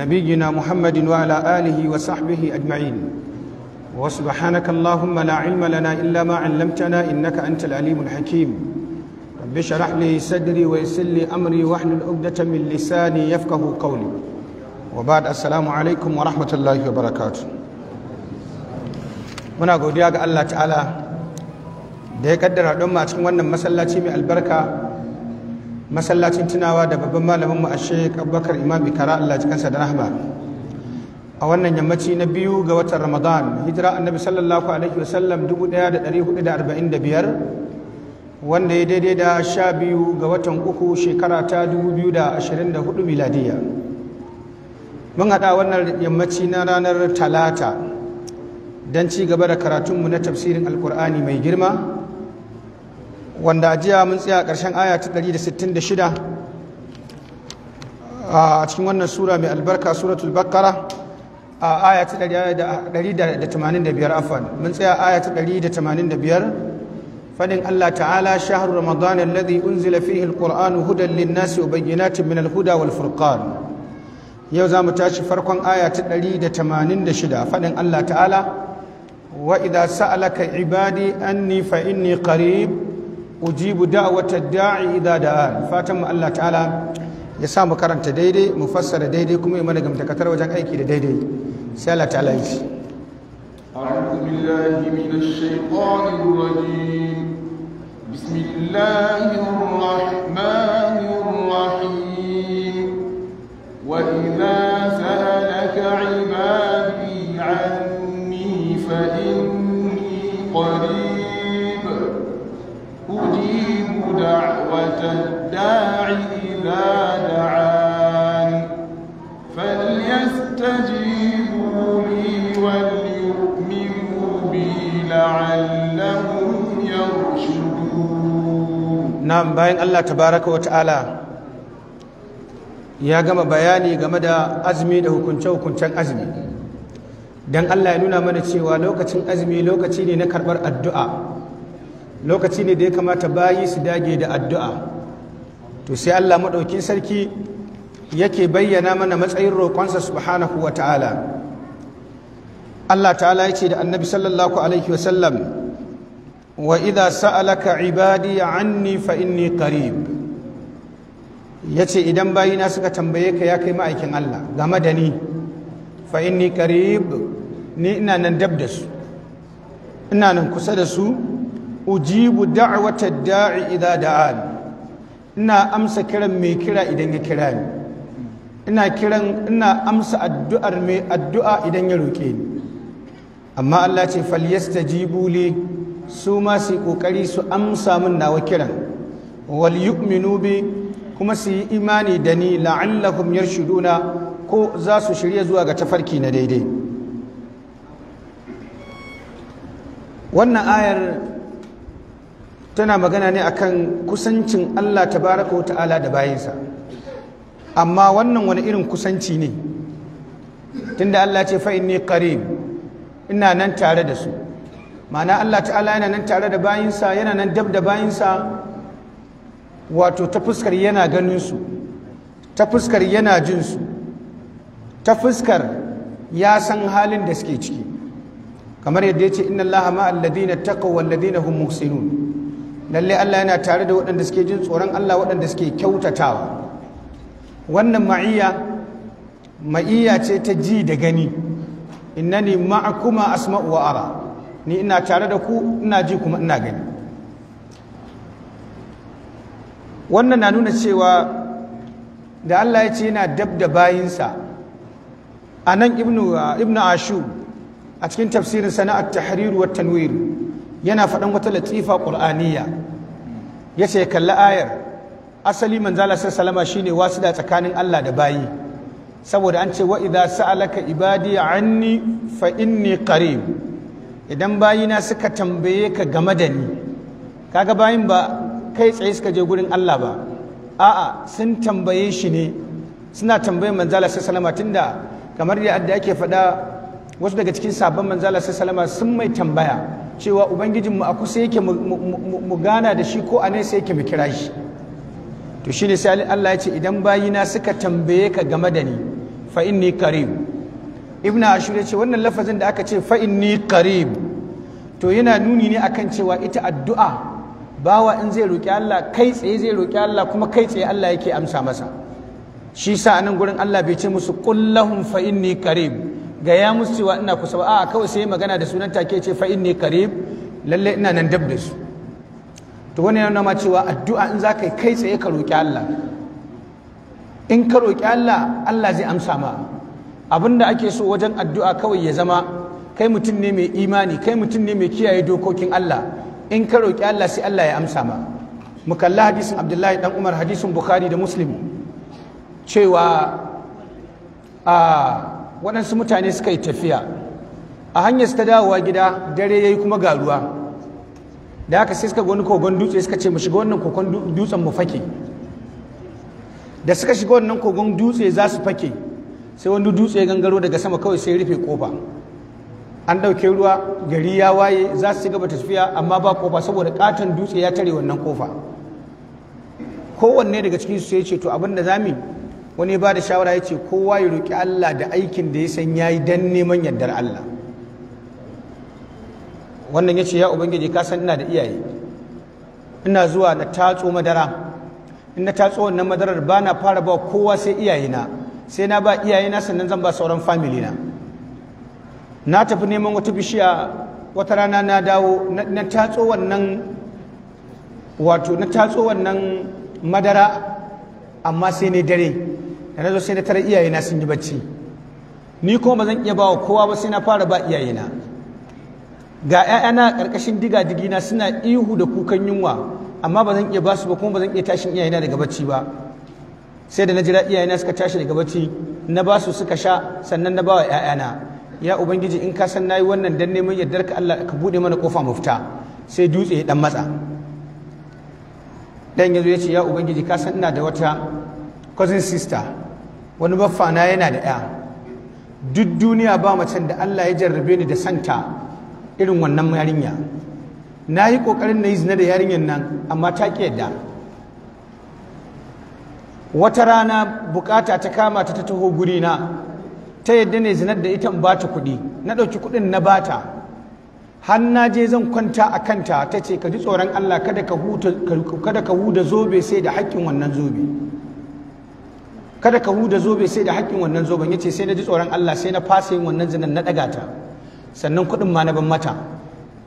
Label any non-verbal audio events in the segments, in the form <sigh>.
نبينا محمد وعلى آله وصحبه أجمعين وسبحانك اللهم لا علم لنا إلا ما علمتنا إنك أنت العليم الحكيم رب اشرح لي صدري ويسر لي أمري واحلل عقدة من لساني يفقه قولي وبعد السلام عليكم ورحمة الله وبركاته muna godiya ga Allah ta'ala da ya kaddara don ma cikin wannan masallaci mai albarka masallacin tunawa da babban malaminmu a sheik abubakar imam bikara allah cikinsa da rahama. a wannan yammaci na biyu ga watan ramadan hijira annabi sallallahu alaihi wa sallam 1445 wanda ya daidai da sha biyu ga watan uku shekara ta 2024 miladiya mun haɗa wannan yammaci na ranar talata don ci gaba da karatunmu na tafsirin alkur'ani mai girma wanda jiya mun tsaya ƙarshen aya ta 166 a cikin wannan sura mai albarka suratul bakara a aya ta 185 afan mun tsaya aya ta 185 fadin Allah ta'ala shahru ramadan alladhi unzila fihi alquran hudan linnas wa bayyinatin min alhuda wal yau za mu tashi farkon aya ta 186 fadin Allah ta'ala wa idha sa'alaka ibadi anni fa inni qarib ujibu da'wata da'i idza da'an fatan mu Allah ta'ala ya sa mu karanta daidai mu fassara daidai kuma ya mana gamtakatar wajen aiki da daidai sai Allah ta'ala yi أعوذ بالله من الشيطان الرجيم بسم الله الرحمن الرحيم وإذا سألك عبادي عني فإن دعوة الداع إذا دعان فليستجيبوا لي وليؤمنوا بي لعلهم يرشدون نعم باين الله تبارك وتعالى ya gama bayani game da azumi da hukunce-hukuncen azumi don allah ya nuna mana cewa lokacin azumi lokaci ne na karɓar addu'a lokaci ne da ya kamata bayi su dage da addu'a to sai Allah maɗaukin sarki yake bayyana mana matsayin roƙonsa subhanahu wa ta'ala Allah ta'ala ya ce da annabi sallallahu alaihi wasallam wa idha sa'alaka ibadi anni fa inni qarib ce idan bayina suka tambaye ka ya kai ma'aikin Allah game da ni fa inni qarib ni ina nan dab da su ina nan kusa da su ujibu da'wata da'i idza da'an ina amsa kiran mai kira idan ya kira ni ina kiran ina amsa addu'ar mai addu'a idan ya roke ni amma Allah ce falyastajibu li su ma su kokari su amsa min nawa kiran wal yu'minu bi kuma su yi imani da ni la'allahum yarshuduna ko za su shirya zuwa ga tafarki na daidai wannan ayar tana magana ne akan kusancin Allah tabaraka wa ta'ala da bayansa amma wannan wani irin kusanci ne tunda Allah ce fa inni qarib ina nan tare da su ma'ana Allah ta'ala yana nan tare da bayinsa yana nan dab da bayinsa wato ta fuskar yana ganin su ta fuskar yana jin su ta fuskar ya san halin da suke ciki kamar yadda ya ce inna Allah ma'al ladina taqaw wal ladina hum muhsinun lalle Allah yana tare da waɗanda suke jin tsoron Allah waɗanda suke kyautatawa wannan ma'iyya ma'iyya ce ta ji da gani innani ma'akuma asma'u wa ara ni ina tare da ku ina ji kuma ina gani wannan na nuna cewa da Allah ya ce yana dab da bayinsa a nan ibnu ashu a cikin tafsirin sana'ar hariru wa tanwir yana faɗin wata latifa ƙul'aniya ya ce kalli ayar asali manzala sai salama shine wasu da tsakanin Allah da bayi saboda an ce wa idza sa'alaka ibadi anni fa inni qarib idan bayina suka tambaye ka game da ni kaga bayin ba kai tsaye suka je gurin Allah ba a'a sun tambaye shi ne suna tambayin manzala sai salama tunda kamar yadda ake faɗa wasu daga cikin sabon manzala sai salama sun mai tambaya cewa ubangijinmu a kusa yake mu gana da shi ko a nesa yake mu kira shi to shine sai Allah ya ce idan bayina suka tambaye ka game da ni fa inni qarib ibnu ashur ya ce wannan lafazin da aka ce fa inni qarib to yana nuni ne akan cewa ita addu'a bawa in zai roki Allah kai tsaye zai roki Allah kuma kai tsaye Allah yake amsa masa shi sa anan gurin Allah bai ce musu qul lahum fa inni qarib Gaya musu cewa ina kusa ba a'a kawai sai magana da sunan take ce fa inni qarib lalle ina nan dab da su to wannan yana ma cewa addu'a in zaka kai kai tsaye ka roki Allah in ka roki Allah Allah zai amsa ma abinda ake so wajen addu'a kawai ya zama kai mutum ne mai imani kai mutum ne mai kiyaye dokokin Allah in ka roki Allah sai Allah ya amsa ma mu kalla hadisin Abdullahi dan Umar hadisin Bukhari da Muslim cewa a ah, waɗansu mutane suka yi tafiya a hanyar su ta dawowa gida dare ya yi kuma garuwa. da haka sai suka wani kogon dutse suka ce mu shiga wannan kogon dutsen mu fake da suka shiga wannan kogon dutse za su fake sai wani dutse gangaro daga sama kawai sai rufe kofa an ɗauke ruwa gari ya waye za su gaba tafiya amma ba kofa saboda katon dutse ya tare wannan kofa kowanne daga cikin su sai ce to abin da zamu wani ba da shawara ya ce kowa ya roƙi Allah da aikin da ya san ya yi don neman yardar Allah wannan ya ce ya ubangiji ka san ina da iyaye ina zuwa na tatso madara in na tatso wannan madarar ba na fara ba kowa sai iyayena sai na ba iyayena sannan zan ba sauran family na na tafi neman wata bishiya wata rana na dawo na tatso wannan wato na tatso wannan madara amma sai ne dare da na zo sai na tara iyayena sun yi bacci ni kuma ba zan iya ba wa kowa ba sai na fara ba iyayena ga 'ya'yana ƙarƙashin diga-digina suna ihu da kukan yunwa amma ba zan iya ba su ba kuma ba zan iya tashin iyayena daga bacci ba sai da na jira iyayena suka tashi daga bacci na ba su suka sha sannan na ba wa 'ya'yana ya ubangiji in ka san nayi wannan dan neman yardar ka Allah ka bude mana kofa mufta sai dutse ya dan matsa dan yazo ya ce ya ubangiji ka san ina da wata cousin sister wani baffana yana da ya duk duniya ba macen da Allah ya jarrabe ni da santa irin wannan yarinya na yi ƙoƙarin na yi zina da yarinyar nan amma ta ƙi yadda wata rana bukata ta kama ta ta taho na. ta yadda ne zinar da ita ba ta kuɗi na ɗauki kuɗin na bata har na je zan kwanta a kanta ta ce ka ji tsoron Allah kada ka huda zobe sai da haƙƙin wannan zobe kada ka huda zobe sai da haƙƙin wannan zoben ce sai na ji tsoron Allah sai na fasa yin wannan zinan na ɗaga ta sannan kuɗin ma na ban mata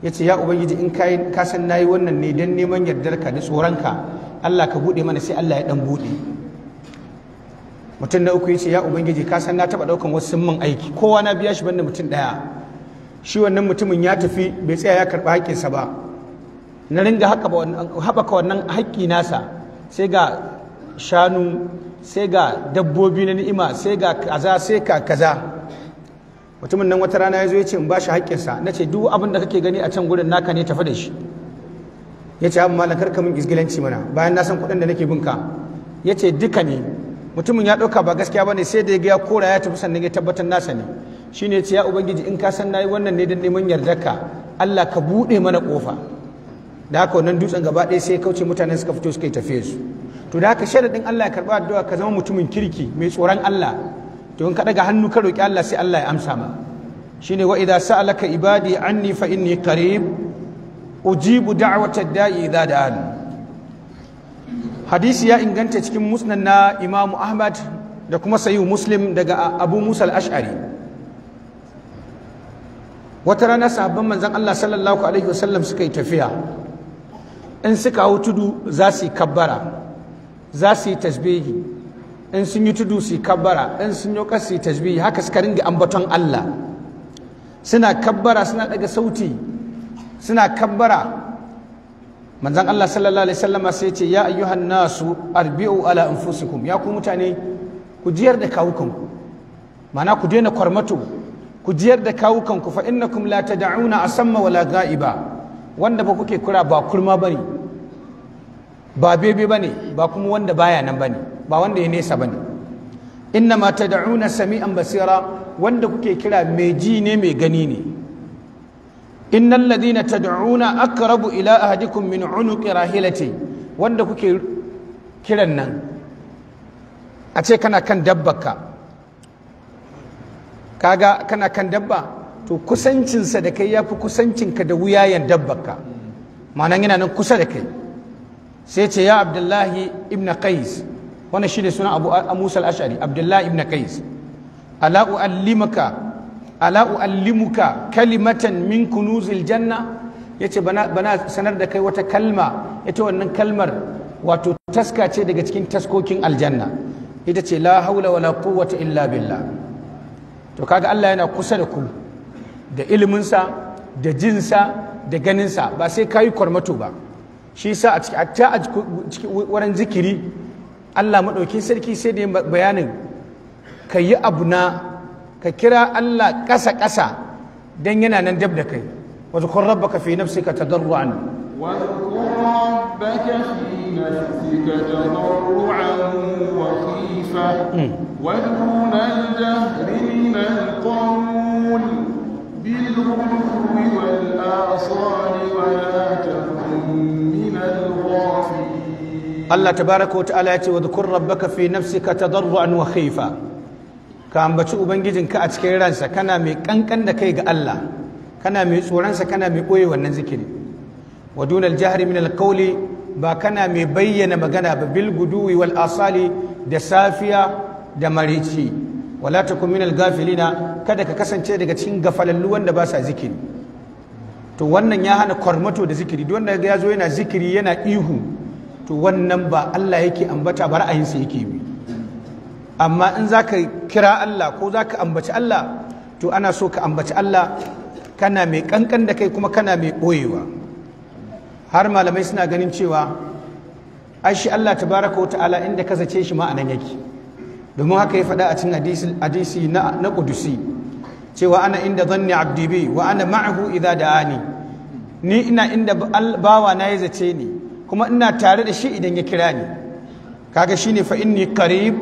ya ce ya ubangiji in kai ka san nayi wannan ne dan neman yardar ka da tsoron ka Allah ka buɗe mana sai Allah ya dan buɗe mutum na uku ya ce ya ubangiji ka san na taɓa ɗaukan wasu mun aiki kowa na biya shi banda mutum ɗaya shi wannan mutumin ya tafi bai tsaya ya karɓi haƙƙinsa ba na ringa haɓaka wannan haƙƙi nasa sai ga shanu sai ga dabbobi na ni'ima sai ga kaza sai ka kaza mutumin nan wata rana ya zo ya ce in ba shi haƙƙinsa na ce duk abin da kake gani a can gudun naka ne tafi da shi ya ce abin malakar kamun gizgilanci mana bayan na san kuɗin da nake binka ya ce duka ne mutumin ya ɗauka ba gaskiya ba ne sai da ya ga ya kora ya tafi sannan ya tabbatar nasa ne shi ne ya ce ya ubangiji in ka san nayi wannan ne don neman ka. allah ka buɗe mana ƙofa da haka wannan dutsen gaba ɗaya sai kauce mutanen suka fito suka yi tafiye su to da haka sharadin Allah ya karba addu'a ka zama mutumin kirki mai tsoron Allah to in ka daga hannu ka roƙi Allah sai Allah ya amsa ma shine wa idza sa'alaka ibadi anni fa inni qarib ujibu da'wata da'i idza da'an hadisi ya inganta cikin musnad na Imam Ahmad da kuma sayu Muslim daga Abu Musa al-Ash'ari wata rana sahabban manzon Allah sallallahu alaihi wasallam suka yi tafiya in suka hau tudu za su yi kabbara za su yi tasbihi in sun yi tudu su yi kabbara in sun yi ƙasa su yi tasbihi haka suka ringa ambaton Allah suna kabbara suna daga sauti suna kabbara manzan Allah sallallahu alaihi wasallama sai ce ya ayyuhan nasu arbi'u ala anfusikum ya ku mutane ku jiyar da kawukanku mana ku daina kwarmato ku jiyar da kawukanku fa innakum la tad'una asamma wala ga'iba wanda ba kuke kura ba kurma bane ba bebe bane ba kuma wanda baya nan bane ba wanda ya nesa bane inna ma tad'una sami'an basira wanda kuke kira mai ji ne mai gani ne innal ladina aka rabu ila ahadikum min kira rahilati wanda kuke kiran nan a ce kana kan dabbarka kaga kana kan dabba to kusancinsa da kai ya fi kusancinka da wuyayen ka. ma'anan yana nan kusa da kai sai ce ya abdullahi ibn qais wannan shine suna abu musa al-ash'ari abdullahi ibn qais ala uallimuka kalimatan min kunuzil janna yace bana bana sanar da kai wata kalma ita wannan kalmar wato taska ce daga cikin taskokin aljanna ita ce la haula wala quwwata illa billah to kaga Allah yana kusa da ku da ilminsa da jinsa da ganinsa ba sai kayi kwarmato ba shi sa a cikin a cikin wurin zikiri Allah maɗaukin sarki sai da bayanin ka yi abu na ka kira Allah ƙasa ƙasa don yana nan dab da kai wa rabba ka fi nafsika tadarruan wa rabba ka fi نفسك تضرعا وخيفة ودون الجهر من القول بالغدو والآصال ولا تكن من الغافلين الله تبارك وتعالى واذكر ربك في نفسك تضرعا وخيفا ka ambaci ubangijin ka a cikin ransa kana mai kankan da kai ga Allah kana mai tsoronsa kana mai ɓoye wannan zikiri wa dunal jahri min ba kana mai bayyana magana ba bil guduwi asali da safiya da marici wala takun minal gafilina kada ka kasance daga cikin gafalallu wanda ba sa zikiri to wannan ya hana kwarmato da zikiri duk wanda ya zo yana zikiri yana ihu to wannan ba Allah yake ambata ba ra'ayinsa yake bi amma in za ka kira Allah ko za ka ambaci Allah to ana so ka ambaci Allah kana mai kankan da kai kuma kana mai boyewa har malamai suna ganin cewa ashi shi Allah tabaraka wa ta'ala inda ka zace shi ma'anan yake domin haka ya faɗa a cikin hadisi na kudusi cewa ana inda zanni abdi wa ana ma'ahu idza da'ani ni ina inda bawa na ya zace ni kuma ina tare da shi idan ya kira ni kaga shine fa inni qarib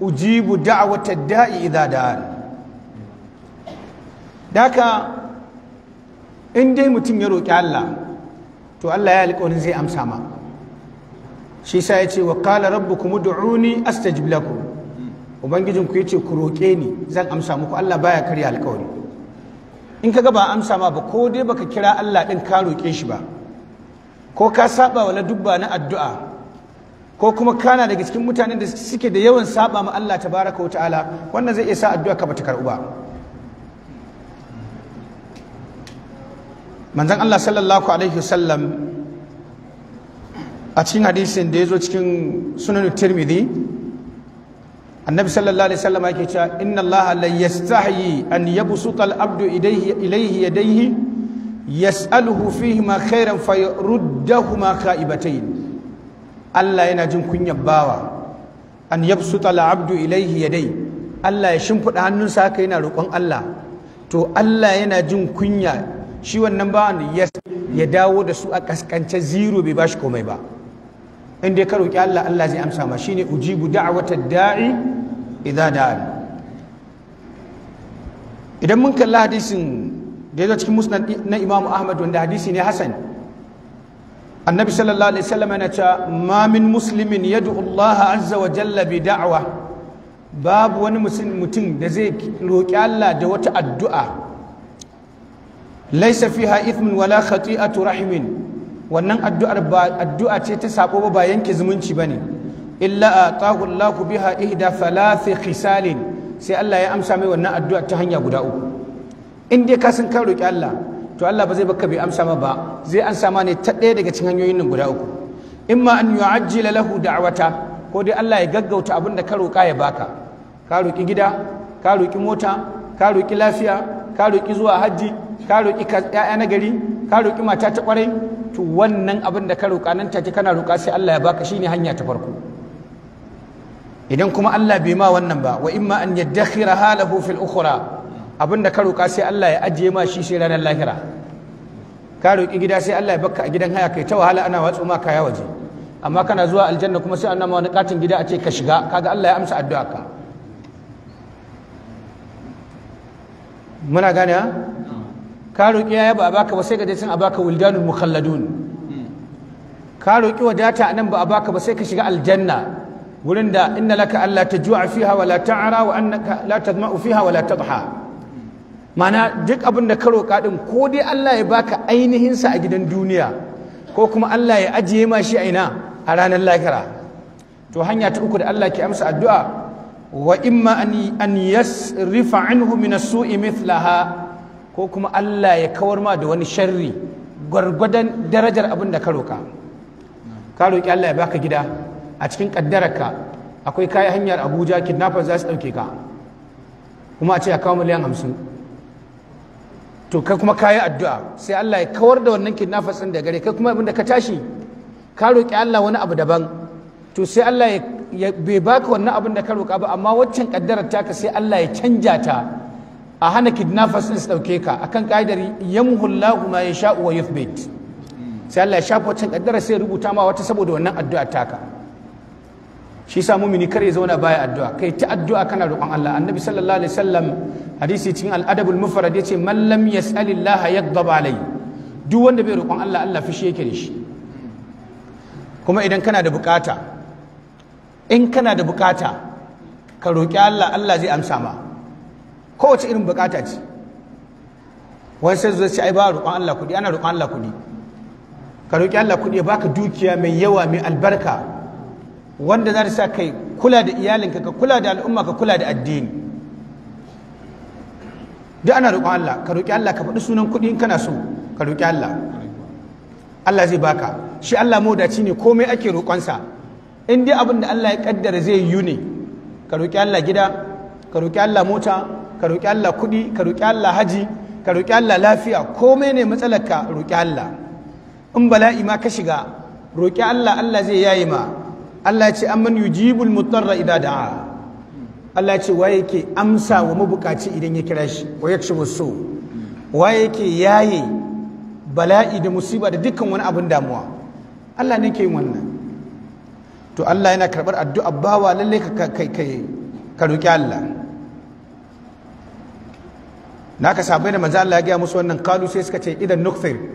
ujibu da'wata da'i idza da'ani daka in dai mutum ya roki Allah to Allah ya alƙawarin zai amsa ma shi sa ya ce wa qala rabbukum ud'uni astajib lakum ubangijin ku ce ku roƙe ni zan amsa muku Allah baya karya alƙawari in kaga ba amsa ma ba ko dai baka kira Allah din ka roƙe shi ba ko ka saba wa dubba na addu'a ko kuma kana daga cikin mutanen da suke da yawan saba ma Allah tabaraka wa ta'ala wannan zai iya sa addu'a ka bata karɓu ba manzon Allah sallallahu alaihi wasallam a cikin hadisin da ya zo cikin sunan Tirmidhi annabi sallallahu alaihi wasallam yake cewa inna allaha la yastahyi an yabsuta al-abdu ilayhi ilayhi yadayhi yas'aluhu fihi ma khairan fayruddahuma kha'ibatayn Allah yana jin kunyar bawa an yabsuta al-abdu ilayhi yadayhi Allah ya shimfida hannunsa haka yana roƙon Allah to Allah yana jin kunya shi wannan bawan ya dawo da su a kaskance zero bai bashi komai ba in dai ka roƙi Allah Allah zai amsa ma shine ujibu da'watad da'i idan mun kalli hadisin da ya zo cikin musnad na imamu ahmad wanda hadisi ne hasan annabi sallallahu alaihi wasallam yana cewa ma min muslimin yad'u Allah azza wa jalla bi da'wa babu wani mutum da zai roki Allah da wata addu'a Lai fiha ithmun wala khati'atu rahimin wannan addu'ar ba addu'a ce ta sabo ba ba yanke zumunci bane illa atahu Allah biha ihda thalath khisalin sai Allah ya amsa mai wannan addu'a ta hanya guda uku in dai ka san ka roƙi Allah to Allah ba zai baka bai amsa ma ba zai amsa ma ne ta ɗaya daga cikin hanyoyin nan guda uku imma an yu'ajjila lahu da'wata ko dai Allah ya gaggauta abin da ka roƙa ya baka ka roƙi gida ka roƙi mota ka roƙi lafiya ka roƙi zuwa hajji ka roƙi ƴaƴa na gari ka roƙi mata ta kwarai to wannan abin da ka roƙa nan take kana roƙa sai Allah ya baka shine hanya ta farko idan kuma Allah bai ma wannan ba wa imma an yaddakhira halahu fil ukhra abinda ka roƙa sai Allah ya ajiye ma shi sai ranar lahira ka roƙi gida sai Allah ya bakka a gidan haya kai ta wahala ana watsu ma kaya waje amma kana zuwa aljanna kuma sai annama wani katin gida a ce ka shiga kaga Allah ya amsa addu'a ka muna gane ka roƙi yaya ba a baka ba sai ka je sun a baka wildanul mukhalladun ka roƙi wadata nan ba a baka ba sai ka shiga aljanna wurin da inna laka alla tajua fiha wa la ta'ra wa annaka la tadma'u fiha wa la tadha mana duk abin da ka roƙa din ko dai Allah ya baka ainihin sa a gidan duniya ko kuma Allah ya ajiye ma shi aina a ranar lahira to hanya ta uku da Allah ke amsa addu'a wa imma an an yasrifa anhu min as-su'i mithlaha ko kuma Allah ya kawar ma da wani sharri gwargwadon darajar abin da ka roƙa ka roƙi Allah ya baka gida a cikin kaddararka akwai kayan hanyar abuja kidnappers za su ɗauke ka kuma a ce a kawo miliyan hamsin to kai kuma kayi addu'a sai Allah ya kawar da wannan kidnappers ɗin da gare kai kuma abinda ka tashi ka roƙi Allah wani abu daban to sai Allah ya bai baka wannan abin da ka roƙa ba amma waccan kaddarar taka sai Allah ya canja ta a hana kidnappers ɗin su ɗauke ka akan ka'idar yamhullahu ma yasha'u wa yuthbit sai Allah ya shafa waccan kaddara sai rubuta ma wata saboda wannan addu'a taka shi sa mumini kar ya zauna baya addu'a kai ta addu'a kana roƙon Allah annabi sallallahu alaihi wasallam hadisi cikin al-adabul mufrad yace man lam yas'alillah yaghdab alai duk wanda bai roƙon Allah Allah fushi yake da shi kuma idan kana da bukata in kana da bukata ka roƙi Allah Allah zai amsa ma kowace irin bukata ce wani sai zai ce ai ba roƙon Allah kuɗi, ana roƙon Allah kuɗi. ka roƙi Allah kuɗi ya baka dukiya mai yawa mai albarka wanda za ta sa kai kula da iyalinka ka kula da al'umma ka kula da addini duk ana roƙon Allah ka roƙi Allah ka faɗi sunan kuɗi in kana so ka roƙi Allah Allah zai baka shi Allah modaci ne komai ake roƙonsa in dai abin da Allah ya kaddara zai yi ne ka roƙi Allah gida ka roƙi Allah mota ka roƙi Allah kuɗi ka roƙi Allah haji ka roƙi Allah lafiya komai ne matsalar ka roƙi Allah in bala'i ma ka shiga roƙi Allah Allah zai yayi ma Allah ce amman yujibul mutarra da da'a Allah ce waye yake amsa wa mabukaci idan ya kira shi wa ya yakshibu wasu waye yake yaye bala'i da musiba da dukkan wani abin damuwa Allah ne ke yin wannan to Allah yana karɓar addu'a bawa lalle ka kai kai ka roki Allah naka sabai da manzo Allah ya ga musu wannan kalu sai suka ce idan nukfir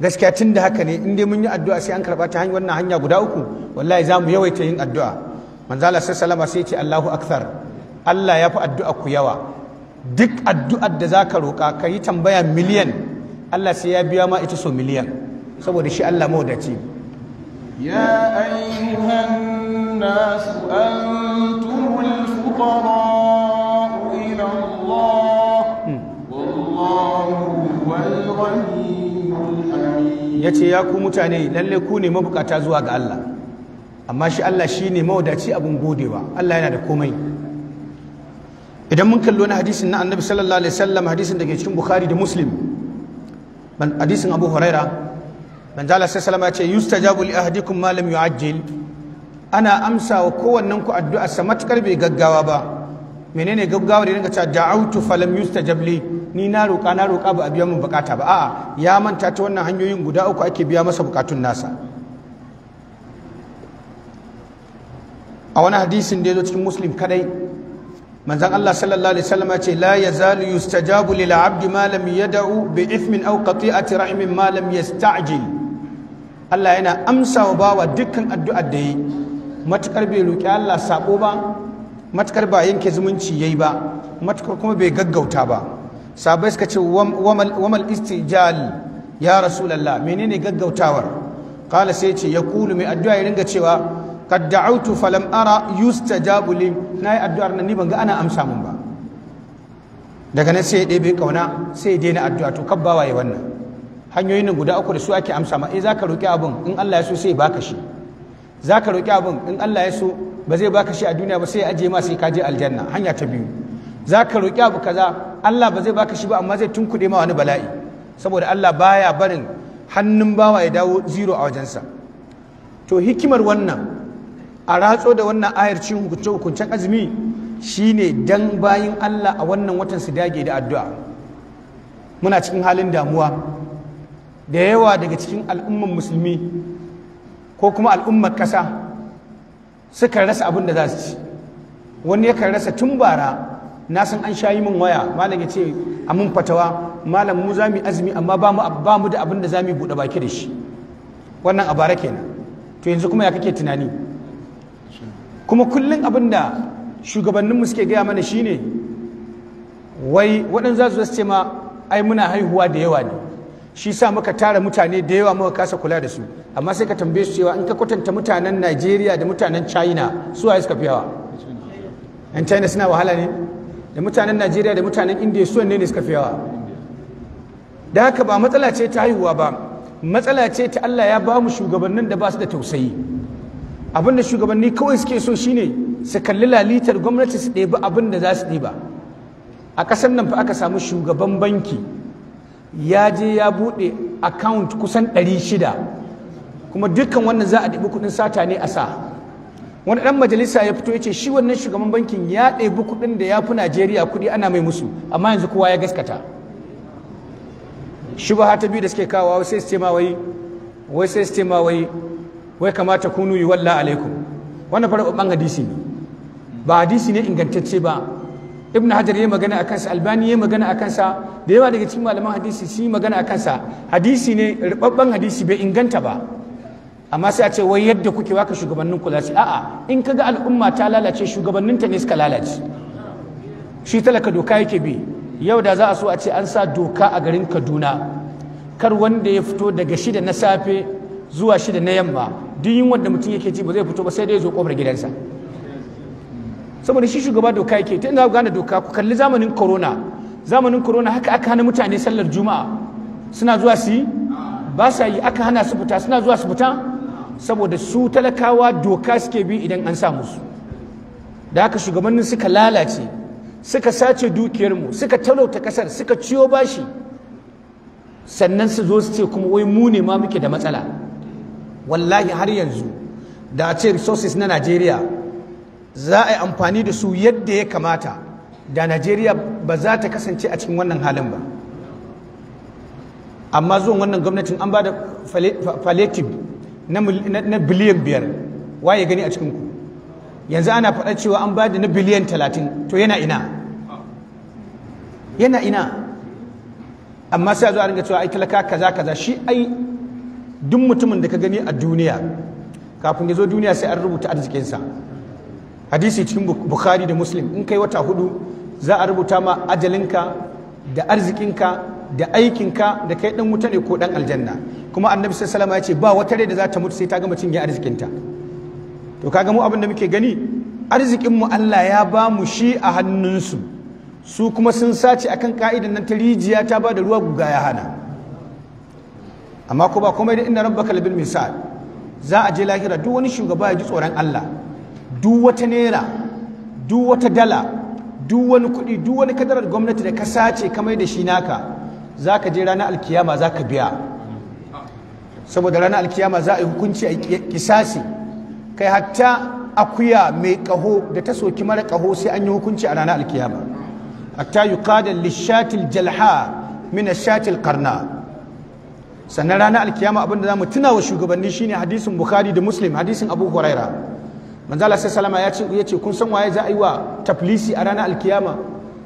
gaskiya tun da haka ne in dai mun yi addu'a sai an karɓa ta wannan hanya guda uku wallahi za mu yawaita yin addu'a manzala sai salama sai ce allahu akthar allah ya fi addu'a ku yawa duk addu'ar da za ka roƙa ka yi tambaya miliyan allah sai ya biya ma ita so miliyan saboda shi allah mawadaci ya ayyuhan nasu antumul fuqara ila allah hmm. wallahu huwal ghani ya ce ya ku mutane lalle ku ne mabukata zuwa ga Allah amma shi Allah shi ne mawadaci abin godewa Allah yana da komai idan mun kalli wani hadisin na annabi sallallahu alaihi wasallam hadisin da ke cikin bukhari da muslim hadisin abu huraira manzo Allah sallallahu ya ce yustajabu li ahadikum ma lam yu'ajjil ana amsa wa kowannen ku addu'a sa matakar bai gaggawa ba menene gaggawa da dinga cewa da'autu falam yustajab li ni na roƙa na roƙa ba a biya mun bukata ba a'a ya manta ta wannan hanyoyin guda uku ake biya masa bukatun nasa a wani hadisin da ya zo cikin muslim kadai manzan Allah sallallahu alaihi wasallam ce la yazalu yustajabu lil abdi ma lam yad'u bi ithmin aw qati'ati rahimin ma lam yasta'jil Allah yana amsa wa bawa dukkan addu'ar da yi matukar bai roƙi Allah saɓo ba matukar ba yanke zumunci yayi ba matukar kuma bai gaggauta ba sabai suka ce wamal istijal ya rasulallah menene gaggautawar kala sai ce ya kulu mai addu'a ya ringa cewa kad da'autu falam ara yustajabu Na yi addu'ar nan ni ban ga ana amsa mun ba daga nan sai ya ɗebe kauna sai ya daina addu'a to kabba waye wannan hanyoyin nan guda uku da su ake amsa ma eh zaka roki abun in Allah ya so sai baka shi zaka roki abun in Allah ya so ba zai baka shi a duniya ba sai ya aje ma sai ka je aljanna hanya ta biyu zaka roki abu kaza Allah ba zai baka shi ba amma zai tunkuɗe ma wani bala'i saboda Allah baya barin hannun bawa ya dawo zero a wajensa to hikimar wannan a ratso da wannan ayar cin hukunce hukuncen azumi shine dan bayin Allah a wannan watan su dage da addu'a muna cikin halin damuwa da yawa daga cikin al'umman musulmi ko kuma al'ummar ƙasa suka rasa abin da za su ci wani yakan rasa tun bara na san an sha yi min waya malam ya ce a mun fatawa malam mu za mu azumi amma ba mu da abin da za mu buɗe baki da shi wannan a bara kenan to yanzu kuma ya kake tunani kuma kullum abin da shugabanninmu suke gaya mana shi ne wai waɗan za su ce ma ai muna haihuwa da yawa ne shi sa muka tara mutane da yawa muka kasa kula da su amma sai ka tambaye su cewa in ka kwatanta mutanen Najeriya da mutanen China su waye suka fi yawa 'yan China suna wahala ne da mutanen najeriya da mutanen indiya su ne ne suka fi yawa da haka ba matsala ce ta haihuwa ba matsala ce ta allah ya ba mu shugabannin da ba su da tausayi abin da shugabanni kawai suke so shine su kalli lalitar gwamnati su ɗebi abin da za su ba. a ƙasar nan fa aka samu shugaban banki ya je ya buɗe account kusan ɗari shida. kuma dukkan wannan za a ɗebi kuɗin sata ne a sa wani dan majalisa ya fito ya ce shi wannan shugaban bankin ya ɗebi kuɗin da ya fi najeriya kuɗi ana mai musu amma yanzu kowa ya gaskata shubaha ta biyu da suke kawo sai su ce ma wai wai sai su ce ma wai wai kamata kunu yi walla alaikum wannan fara ɓan hadisi ne ba hadisi ne ingantacce ba ibn hajar ya magana a kansa albani ya magana a kansa da yawa daga cikin malaman hadisi sun yi magana a kansa hadisi ne ribabban hadisi bai inganta ba amma sai a ce wai yadda kuke waka shugabannin ku lalace a'a in kaga al'umma ta lalace shugabannin ta ne suka lalace shi talaka doka yake bi yau da za a so a ce an sa doka a garin kaduna kar wanda ya fito daga shida na safe zuwa shida na yamma duk yin wanda mutum yake ji ba zai fito ba sai dai ya zo kofar gidansa saboda shi shugaba doka yake ta ina gane doka ku kalli zamanin corona zamanin corona haka aka hana mutane sallar juma'a suna zuwa su yi ba sa yi aka hana su fita suna zuwa su fita saboda su talakawa doka suke bi idan an sa musu da haka shugabannin suka lalace suka sace dukiyar mu, suka talauta kasar suka ciyo bashi sannan su zo su ce kuma wai mu ne ma muke da matsala wallahi har yanzu da a ce resources na najeriya za a yi amfani da su yadda ya kamata da najeriya ba za ta kasance a cikin wannan halin ba amma zuwan wannan gwamnatin an ba da palliative na biliyan biyar waye gani a cikinku yanzu ana faɗa cewa an ba da na biliyan talatin to yana ina yana ina amma sai a zo a ringa cewa ai talaka kaza kaza shi ai duk mutumin da ka gani a duniya kafin ya zo duniya sai an rubuta arzikinsa hadisi cikin bukhari da muslim in kai wata hudu za a rubuta ma ajalinka da arzikinka da aikinka da kai dan wuta ne ko dan aljanna kuma annabi sallallahu alaihi ya ce ba wata rai da za ta mutu sai ta gama cinye arzikinta to kaga mu abin da muke gani arzikin mu Allah ya ba mu shi a hannunsu su kuma sun sace akan ka'idan nan ta rijiya ta ba da ruwa guga ya hana amma ko ba komai da inna rabbaka labil misal za a je lahira duk wani shugaba ya ji tsoron Allah duk wata naira duk wata dala duk wani kuɗi duk wani kadarar gwamnati da ka sace kamar da shi naka za ka je ranar alkiyama za ka biya saboda ranar alkiyama za a yi hukunci a kisasi kai hatta akuya mai kaho da ta soki mara kaho sai an yi hukunci a ranar alkiyama hatta yuqada lishatil jalha min shatil karna. sannan ranar alkiyama abinda zamu tuna wa shugabanni shine hadisin bukhari da muslim hadisin abu huraira manzo Allah sai salama ya ce yace kun san waye za a yi wa taflisi a ranar alkiyama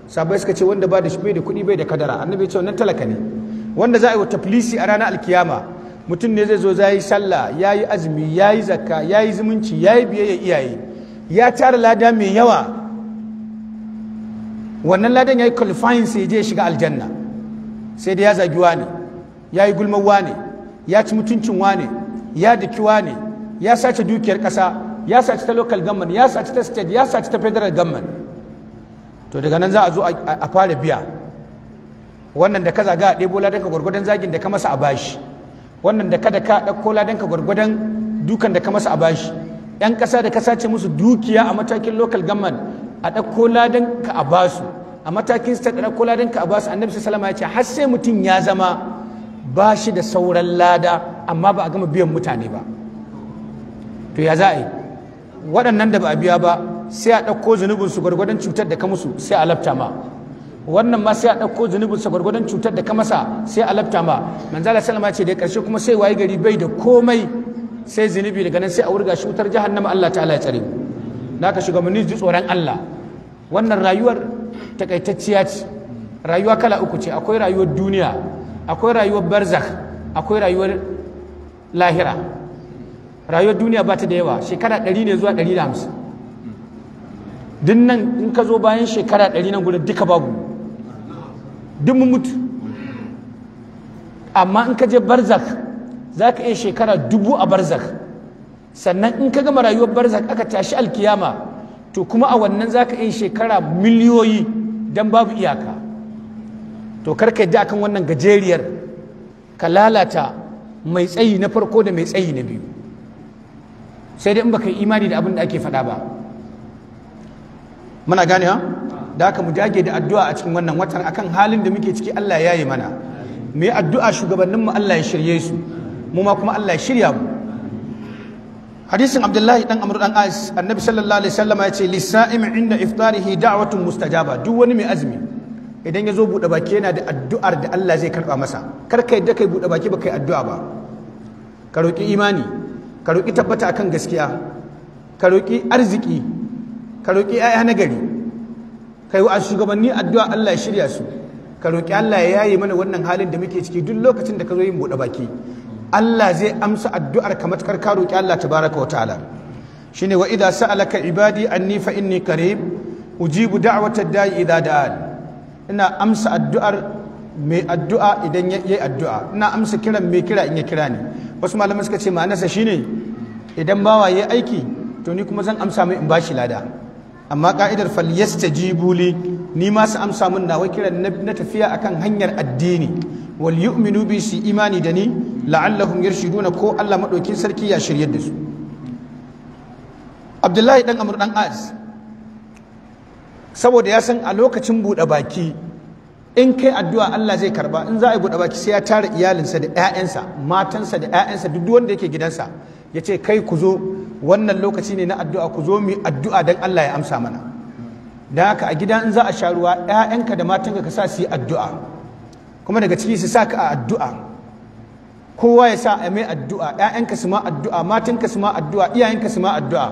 sabai suka ce wanda ba da shi bai da kuɗi bai da kadara annabi ya ce wannan talaka ne wanda za a yi wa taflisi a ranar alkiyama mutum ne zai zo ya yi sallah ya yi azumi ya yi zakka ya yi zumunci ya yi biyayya iyaye ya tara lada mai yawa wannan ladan ya yi qualifying sai je shiga aljanna sai da ya zagi ne ya yi gulmawa ne ya ci mutuncin wane ya dukiwa ne ya sace dukiyar kasa ya sace ta lokal government ya sace ta state ya sace ta federal government to daga nan za a zo a fara biya wannan da ka zaga a ɗebo ladan ka gwargwadon zagin da ka masa a bashi wannan da kada ka ɗauko ladanka gwargwadon dukan da ka masa a bashi yan ƙasa da ka ce musu dukiya a matakin local government a ɗauko ladanka a basu a matakin state a ɗauko ladanka a basu annabi salama ya ce har sai mutum ya zama ba shi da sauran lada amma ba a gama biyan mutane ba to ya za a yi waɗannan da ba a biya ba sai a ɗauko zunubinsu gwargwadon cutar da ka musu sai a lafta ma wannan ma sai a ɗauko zunubin sa gwargwadon cutar da ka masa sai a lafta ma manzala sallama ce da ƙarshe kuma sai waye gari bai da komai sai zunubi daga nan sai a wurga shi wutar jahannama Allah ta'ala ya tsare mu shiga shugabanni ji tsoron Allah wannan rayuwar takaitacciya ce rayuwa kala uku ce akwai rayuwar duniya akwai rayuwar barzakh akwai rayuwar lahira rayuwar duniya ba ta da yawa shekara ɗari ne zuwa ɗari da hamsin. Din nan in ka zo bayan shekara ɗari nan gudun duka babu duk mun mutu amma in ka je barzak za ka iya shekara dubu a barzak sannan in ka gama rayuwar barzak aka tashi alkiyama to kuma a wannan za ka iya shekara miliyoyi don babu iyaka to karka yadda akan wannan gajeriyar ka lalata mai tsayi na farko da mai tsayi na biyu sai dai in baka yi imani da abin da ake faɗa ba muna gane ha da haka mu dage da addu'a a cikin wannan watan akan halin da muke ciki Allah ya yi mana mu yi addu'a shugabanninmu Allah ya shirye su mu ma kuma Allah ya shirya mu hadisin abdullahi dan amr dan as annabi sallallahu alaihi wasallam ya ce lisa'im inda iftarihi da'watun mustajaba duk wani mai azumi idan ya zo buɗe baki yana da addu'ar da Allah zai karɓa masa kar ka yadda kai buɗe baki ba kai addu'a ba ka roƙi imani ka roƙi tabbata akan gaskiya ka roƙi arziki ka roƙi 'ya'ya nagari. gari kai wa shugabanni addu'a Allah ya shirya su ka roki Allah ya yaye mana wannan halin da muke ciki duk lokacin da ka zo yin bude baki Allah zai amsa addu'ar ka matakar ka roki Allah tabaraka wa ta'ala shine wa idza sa'alaka ibadi anni fa inni qarib ujibu da'watad da'i idza da'an ina amsa addu'ar mai addu'a idan ya yi addu'a ina amsa kiran mai kira in ya kira ni wasu malamai suka ce ma'anarsa shine idan bawa ya aiki to ni kuma zan amsa mai in bashi lada amma ka'idar fal yastajibu jibuli ni ma su amsa min nawa kiran na tafiya akan hanyar addini wal yu'minu bi shi imani da ni la'allahum yarshiduna ko Allah madaukin sarki ya shirye da su Abdullahi dan Amr dan Az saboda ya san a lokacin buɗe baki in kai addu'a Allah zai karba in za a yi buɗe baki sai ya tara iyalinsa da 'ya'yansa matansa da 'ya'yansa duk wanda yake gidansa ya ce kai ku zo wannan lokaci ne na addu'a ku zo mu addu'a dan Allah ya amsa mana dan haka a gidan in za a sha ruwa ƴaƴanka da matanka ka sa su yi addu'a kuma daga ciki su sa ka a addu'a kowa ya sa a mai addu'a ƴaƴanka su ma addu'a matanka su ma addu'a iyayenka su ma addu'a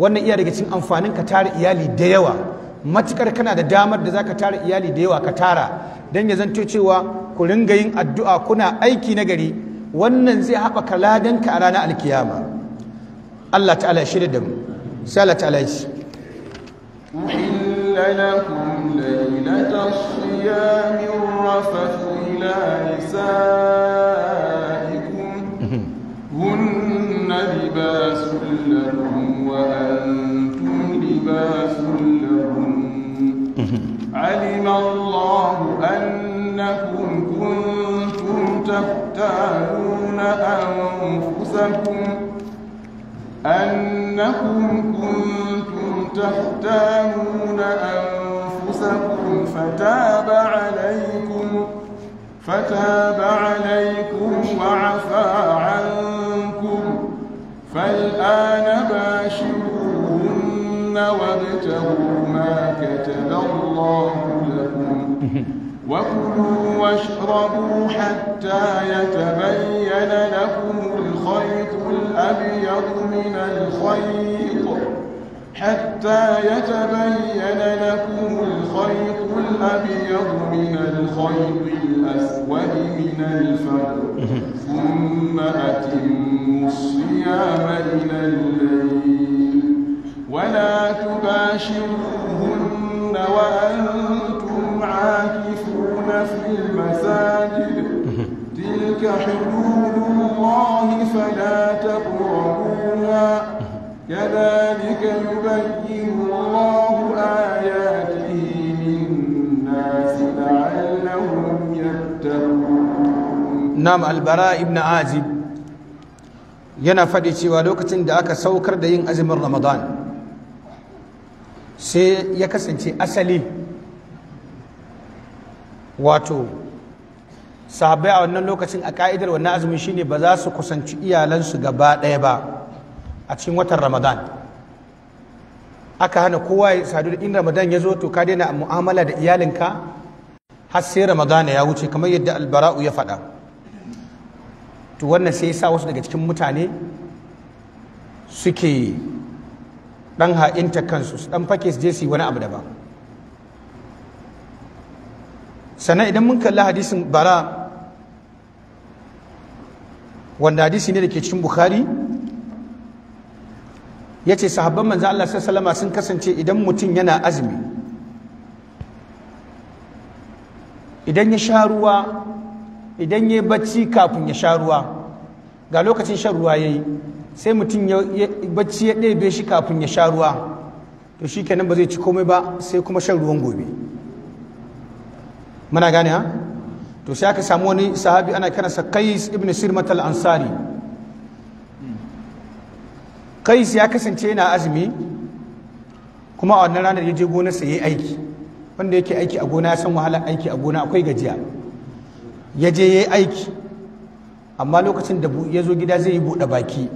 wannan iya daga cikin amfanin ka tara iyali da yawa matukar kana da damar da zaka tara iyali da yawa ka tara dan ya zanto cewa ku ringa yin addu'a kuna aiki na gari wannan zai haɓaka ladanka a ranar alkiyama الله تعالى ya shirya da mu أحل لكم ليلة الصيام الرفث إلى نسائكم هن لباس لهم وأنتم لباس لهم علم الله أنكم كنتم تختارون أنفسكم أنكم كنتم تحتامون أنفسكم فتاب عليكم فتاب عليكم وعفى عنكم فالآن باشرون وابتغوا ما كتب الله لكم <laughs> وكلوا واشربوا حتى يتبين لكم الخيط الأبيض من الخيط حتى يتبين لكم الخيط الأبيض من الخيط الأسود من الفجر ثم أتموا الصيام إلى الليل ولا تباشروا والمساجد تلك حدود الله فلا تقربوها كذلك يبين الله آياته للناس لعلهم يتقون نعم البراء بن عازب yana faɗi cewa lokacin da aka saukar da yin azumin ramadan sai ya kasance asali wato sahabbai a wannan lokacin a ka'idar wannan azumin shine ba za su kusanci iyalansu gaba ɗaya ba a cikin watan ramadan aka hana kowa ya sadu da in ramadan ya zo to ka daina mu'amala da iyalinka har sai ramadan ya wuce kamar yadda albara'u ya faɗa to wannan sai sa wasu daga cikin mutane suke ɗan ha'inta kansu su ɗan fake su je su yi wani abu daban sannan idan mun kalli hadisin bara wanda hadisi ne da ke cikin bukhari ya ce sahabban manzan Allah sallama sun kasance idan mutum yana azumi idan ya sha ruwa idan ya bacci kafin ya sha ruwa ga lokacin shan ruwa ya yi sai mutum ya bacci ya ɗebe shi kafin ya sha ruwa to shi kenan ba zai ci komai ba sai kuma shan ruwan gobe muna gane ha to sai aka samu wani sahabi ana kanasa kais ibn sirmat al-ansari kais ya kasance yana azumi kuma a wannan ranar ya je gonarsa ya yi aiki wanda yake aiki a gona ya san wahalar aiki a gona akwai gajiya ya je ya yi aiki amma lokacin da ya zo gida zai yi buɗe baki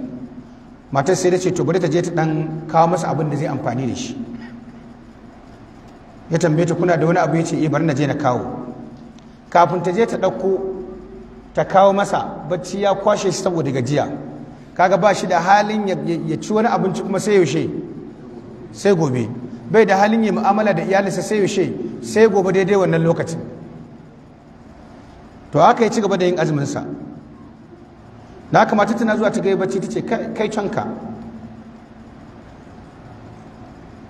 matar sai da ce to bari ta je ta ɗan kawo masa abin da zai amfani da shi ya tambaye ta kuna da wani abu ya ce eh bari na je na kawo kafin ta je ta ɗauko ta kawo masa bacci ya kwashe shi saboda gajiya kaga ba shi da halin ya ci wani abinci kuma sai yaushe sai gobe bai da halin yi mu'amala da iyalinsa sai yaushe sai gobe daidai wannan lokacin to haka ya ci gaba da yin azuminsa na kamata tana zuwa ta gai bacci ta ce kai canka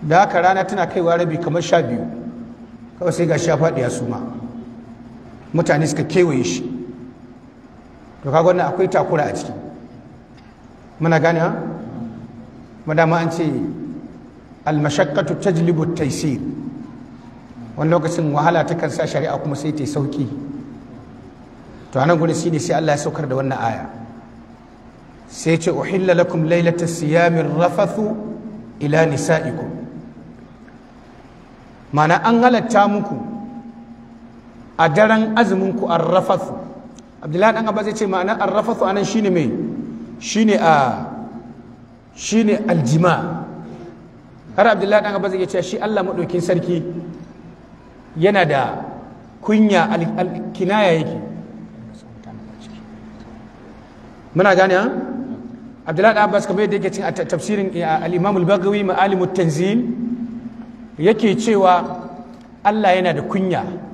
da haka rana tana kaiwa rabi kamar sha biyu kawai sai gashi ya faɗi ya suma mutane suka kewaye shi to kaga wannan akwai takura a ciki muna gane ha madama an ce almashakkatu tajlibu taysir wani lokacin wahala ta kan sa shari'a kuma sai ta yi sauki to anan shi shine sai Allah ya saukar da wannan aya sai ce uhilla lakum lailata siyami rafathu ila nisa'ikum mana an halatta muku a daren azumin ku arrafathu abdullahi dan abbas ce ma'ana arrafathu anan shine me shine a shine aljima har abdullahi dan abbas ce shi Allah madaukin sarki yana da kunya alkinaya yake muna gane ha abdullahi dan abbas kamar yadda yake cin a tafsirin eh, al-imam al-baghawi ma'alimut tanzil yake cewa Allah yana da kunya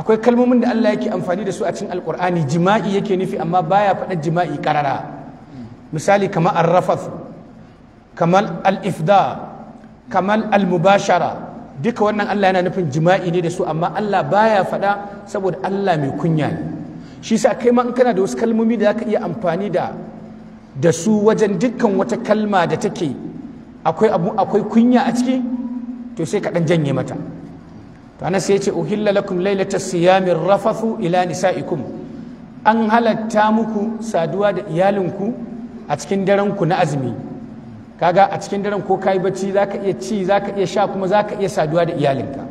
akwai kalmomin da Allah yake amfani da su a cikin alkur'ani jima'i yake nufi amma baya faɗa jima'i karara misali kamar arrafaf kamar al-ifda kamar al duka wannan Allah yana nufin jima'i ne da su amma Allah baya faɗa saboda Allah mai kunya ne shi sa kai ma in kana da wasu kalmomi da zaka iya amfani da da su wajen dukkan wata kalma da take akwai abu akwai kunya a ciki to sai ka dan janye mata to anas ya ce uhilla lakum lailata siyamir rafathu ila nisa'ikum an halatta muku saduwa da iyalinku a cikin daren ku na azumi kaga a cikin daren ko kai bacci zaka iya ci zaka iya sha kuma zaka iya saduwa da iyalinka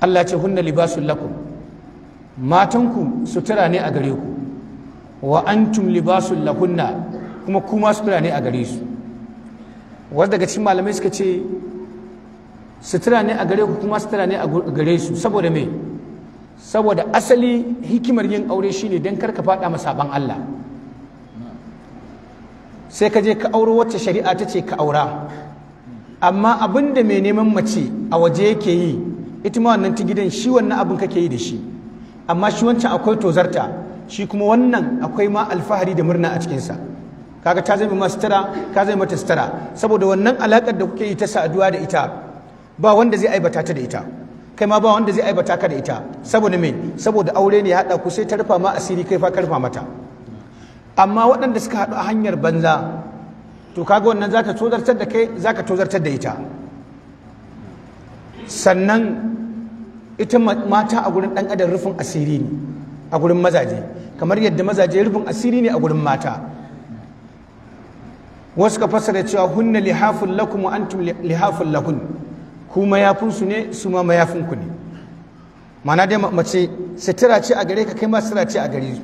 Allah ce hunna libasun lakum matanku sutura ne a gare ku wa antum libasul lahunna kuma kuma sutura ne a gare su wasu daga cikin malamai suka ce sutura ne a gare ku kuma sutura ne a gare su saboda me saboda asali hikimar yin aure shine don karka faɗa saban Allah sai ka je ka auro wacce shari'a ta ce ka aura amma abin da mai neman mace a waje yake yi ita ma wannan ta gidan shi wannan abin kake yi da shi amma shi wancan akwai tozarta shi kuma wannan akwai ma alfahari da murna a cikinsa kaga ta zai ma sutura ka zai mata sutura saboda wannan alaƙar da kuke yi ta saduwa da ita ba wanda zai aibata ta da ita kai ma ba wanda zai aibata ka da ita saboda me saboda aure ne ya hada ku sai ta rufa ma asiri kai fa karfa mata amma waɗanda suka haɗu a hanyar banza to kaga wannan zaka tozartar da kai zaka tozartar da ita sannan ita mata a gurin ɗan adam rufin asiri ne a gurin mazaje kamar yadda mazaje rufin asiri ne a gurin mata wasu ka fassara cewa hunna lihafun lakum wa antum lihafun lahun ku su ne su ma mayafin ku ne mana dai mace sitira ce a gare ka kai ma sitira ce a gare su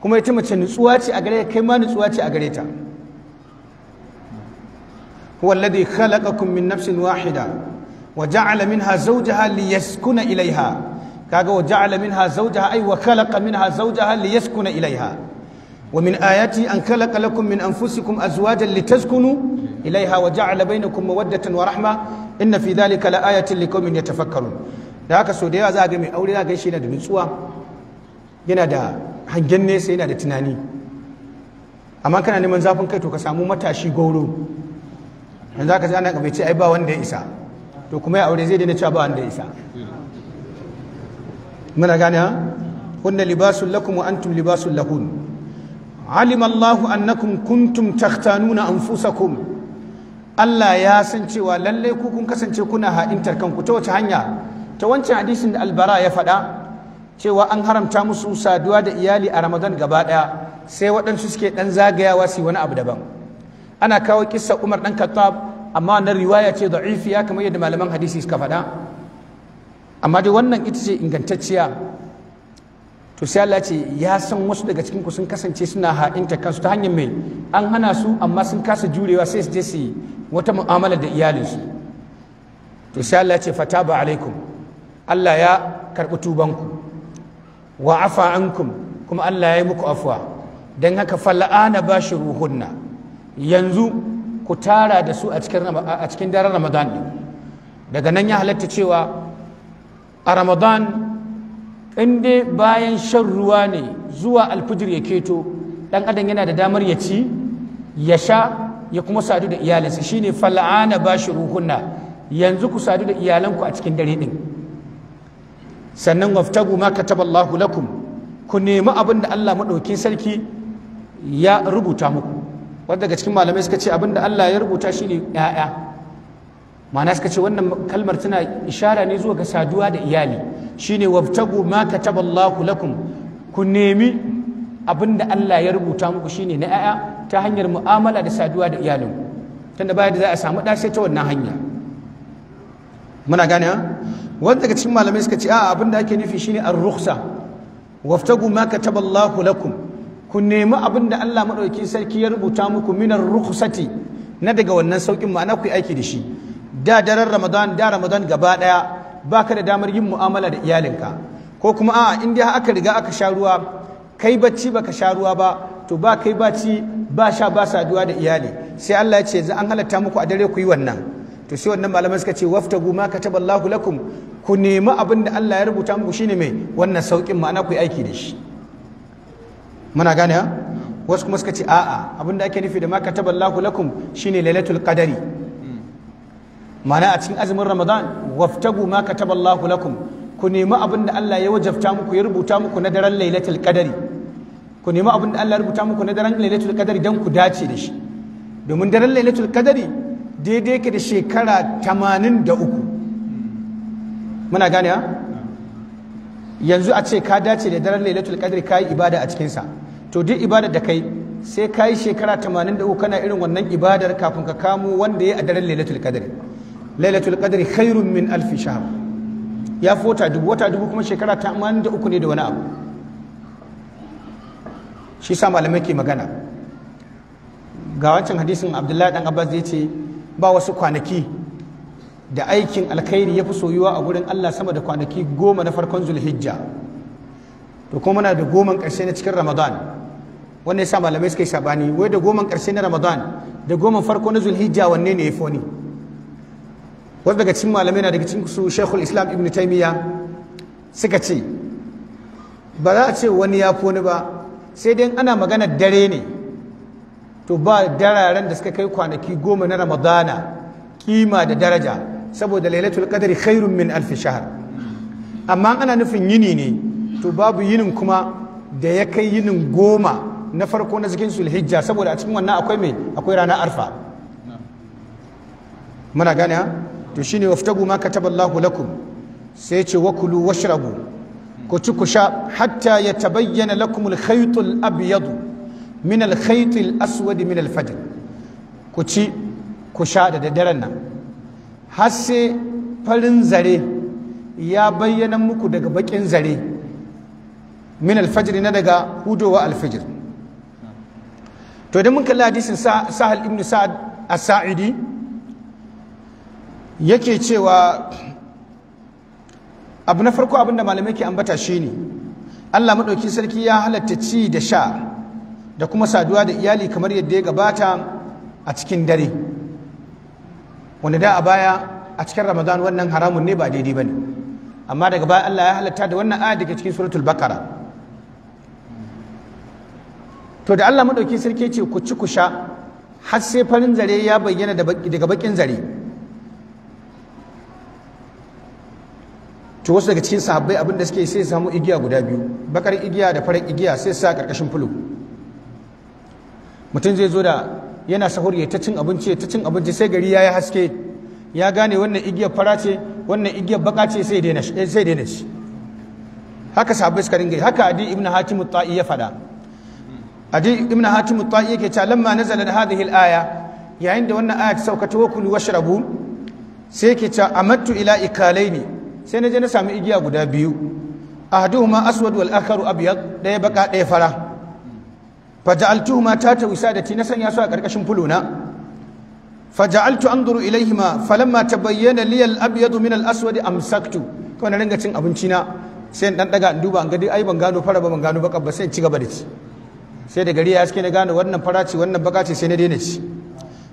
kuma ita mace nutsuwa ce a gare ka kai ma nutsuwa ce a gare ta huwa alladhi khalaqakum min nafsin wahida wa ja'ala minha zawjaha liyaskuna ilaiha kaga wa ja'ala minha zawjaha ay wa khalaqa minha zawjaha liyaskuna ilaiha ومن آياته أن خلق لكم من أنفسكم أزواجا لتسكنوا إليها وجعل بينكم مودة ورحمة إن في ذلك لآية لقوم يتفكرون da haka so da yawa za a ga mai aure za ga shi yana da nutsuwa yana da hangen nesa yana da tunani amma kana neman zafin kai to ka samu matashi goro. yanzu aka ji ana bai ai ba wanda ya isa to kuma ya aure zai daina cewa ba wanda ya isa muna gane ha kunna libasun lakum wa antum libasun lahun alim Allahu annakum kuntum takhtanuna kun? Allah ya san cewa lalle ku kun kasance kuna ha'intar kanku ta wace hanya ta wancan hadisin da albara ya faɗa cewa an haramta musu saduwa da iyali a ramadan gaba ɗaya sai waɗansu suke ɗan zagayawa su wani abu daban ana kawo kissa umar ɗan kattab amma wannan riwaya ce ya kamar yadda malaman hadisi suka faɗa amma dai wannan ita ce ingantacciya to sai Allah ce ya san wasu daga cikin ku sun kasance suna ha'inta kansu ta hanyar mai an hana su amma sun kasa jurewa sai su je su wata mu'amala da iyalinsu to sai Allah ce ba alaikum Allah ya karɓi tubanku wa afa ankum kuma Allah ya yi muku afuwa dan haka fal'ana ba shi ruhunna yanzu ku tara da su a cikin daren Ramadan daga nan ya halatta cewa a Ramadan in bayan shan ruwa ne zuwa alfijir ya keto dan adam yana da damar ya ci ya sha ya kuma sadu da iyalinsa shine fal'ana ruhunna yanzu ku sadu da iyalanku a cikin dare din sannan waftagu ma kataballahu lakum ku nemi abin da Allah madaukin sarki ya rubuta muku wanda daga cikin malamai suka ce abin da Allah ya rubuta shine 'ya'ya ma'ana suka ce wannan kalmar tana ishara ne zuwa ga saduwa da iyali shine wabtagu ma kataballahu lakum ku nemi abin da Allah ya rubuta muku shine na 'ya'ya ta hanyar mu'amala da saduwa da iyalinku tunda baya da za a samu da sai ta wannan hanya muna gane ha wanda daga cikin malamai suka ce a abin da ake nufi shine ar-rukhsa waftagu ma kataballahu lakum ku nemi abin da Allah madaukakin sarki ya rubuta muku minar rukhsati na daga wannan saukin ma'ana ku yi aiki da shi da daren ramadan da ramadan gaba daya baka da damar yin mu'amala da iyalinka ko kuma a in aka riga aka sha ruwa kai bacci ba ka sha ruwa ba to ba kai bacci ba sha ba saduwa da iyali sai Allah ya ce za an halatta muku a dare ku yi wannan to sai wannan malamai suka ce waftagu ma kataballahu lakum ku nemi abin da Allah ya rubuta muku shine mai wannan saukin ma'ana ku yi aiki da shi muna gane wasu kuma suka ce a'a abin da ake nufi da ma kataballahu lakum shine lailatul qadari mana a cikin azumin ramadan waftagu ma kataballahu lakum ku nemi abin da Allah ya wajabta muku ya rubuta muku na daren lailatul qadari ku nemi abin da Allah ya rubuta muku na daren lailatul qadari dan ku dace da shi domin daren lailatul qadari daidai yake da shekara 83 muna gane ha yanzu a ce ka dace da daren lailatul qadari kai ibada a cikin sa to duk ibada da kai sai kai shekara 83 kana irin wannan ibadar kafin ka kamo wanda ya a daren lailatul qadari lailatul qadri khairun min alf shahr ya fi dubu wata dubu kuma shekara ta da uku ne da wani abu shi sa malamai ke magana ga wancan hadisin abdullahi dan abbas ya ce ba wasu kwanaki da aikin alkhairi ya fi soyuwa a wurin allah sama da kwanaki goma na farkon zulhijja to kuma muna da goman ƙarshe na cikin ramadan wannan ya sa malamai suka yi sabani wai da goman karshe na ramadan da goman farko na zulhijja wanne ne ya fi wani wasu daga cikin malamai na daga cikin su shekul islam ibn taimiyya suka ce ba za a ce wani ya fi wani ba sai dai ana magana dare ne to ba dararen da suka kai kwanaki goma na ramadana kima da daraja saboda lailatul qadri khairun min alf shahr amma ana nufin yini ne to babu yinin kuma da ya kai yinin goma na farko na cikin sulhijja saboda a cikin wannan akwai mai akwai rana arfa muna gane ha to shine waftagu ma kataballahu lakum sai ce wakulu washrabu ku ci ku sha hatta ya tabayyana lakum al-khayt al-abyad min al-khayt al min al ku ci ku sha da daren nan har sai farin zare ya bayyana muku daga bakin zare min al na daga hudowa al-fajr to idan mun kalli hadisin sahal ibnu sa'ad as-sa'idi yake cewa abu na farko abinda malamai ke ambata shi ne, Allah maɗauki sarki ya halatta ci da sha da kuma saduwa da iyali kamar yadda ya gabata a cikin dare wanda da a baya a cikin ramadan wannan haramun ne ba daidai ba ne amma daga baya Allah ya halatta da wannan aya daga cikin suratul bakara to da Allah maɗauki sarki ce ku ci ku sha har sai farin zare ya bayyana daga bakin zare to wasu daga cikin sahabbai abin da suke sai samu igiya guda biyu bakar igiya da farar igiya sai sa karkashin fulu mutum zai zo da yana sahur ya ta cin abinci ta cin abinci sai gari yayi haske ya gane wannan igiyar fara ce wannan igiyar baka ce sai daina sai daina shi haka sahabbai suka ringa haka adi ibnu hatim ta'i ya fada adi ibnu hatim ta'i yake ta lamma na hadhihi al-aya yayin da wannan aya ta sauka ta wakulu washrabu sai yake a amattu ila ikalaini sai na je na sami igiya guda biyu ahaduhuma aswad wal akharu abyad daya baka daya fara Faja'altu ma faja'altuhuma tata wisadati na sanya su a karkashin fuluna faja'altu anzuru ilayhima falamma tabayyana li al abyad min al aswad amsaktu kawai na ringa cin abinci na sai in dan daga in duba an ga dai ai ban gano fara ba ban gano baka ba sai in ci gaba da ci sai da gari ya haske na gano wannan fara ce wannan baka ce sai na daina ci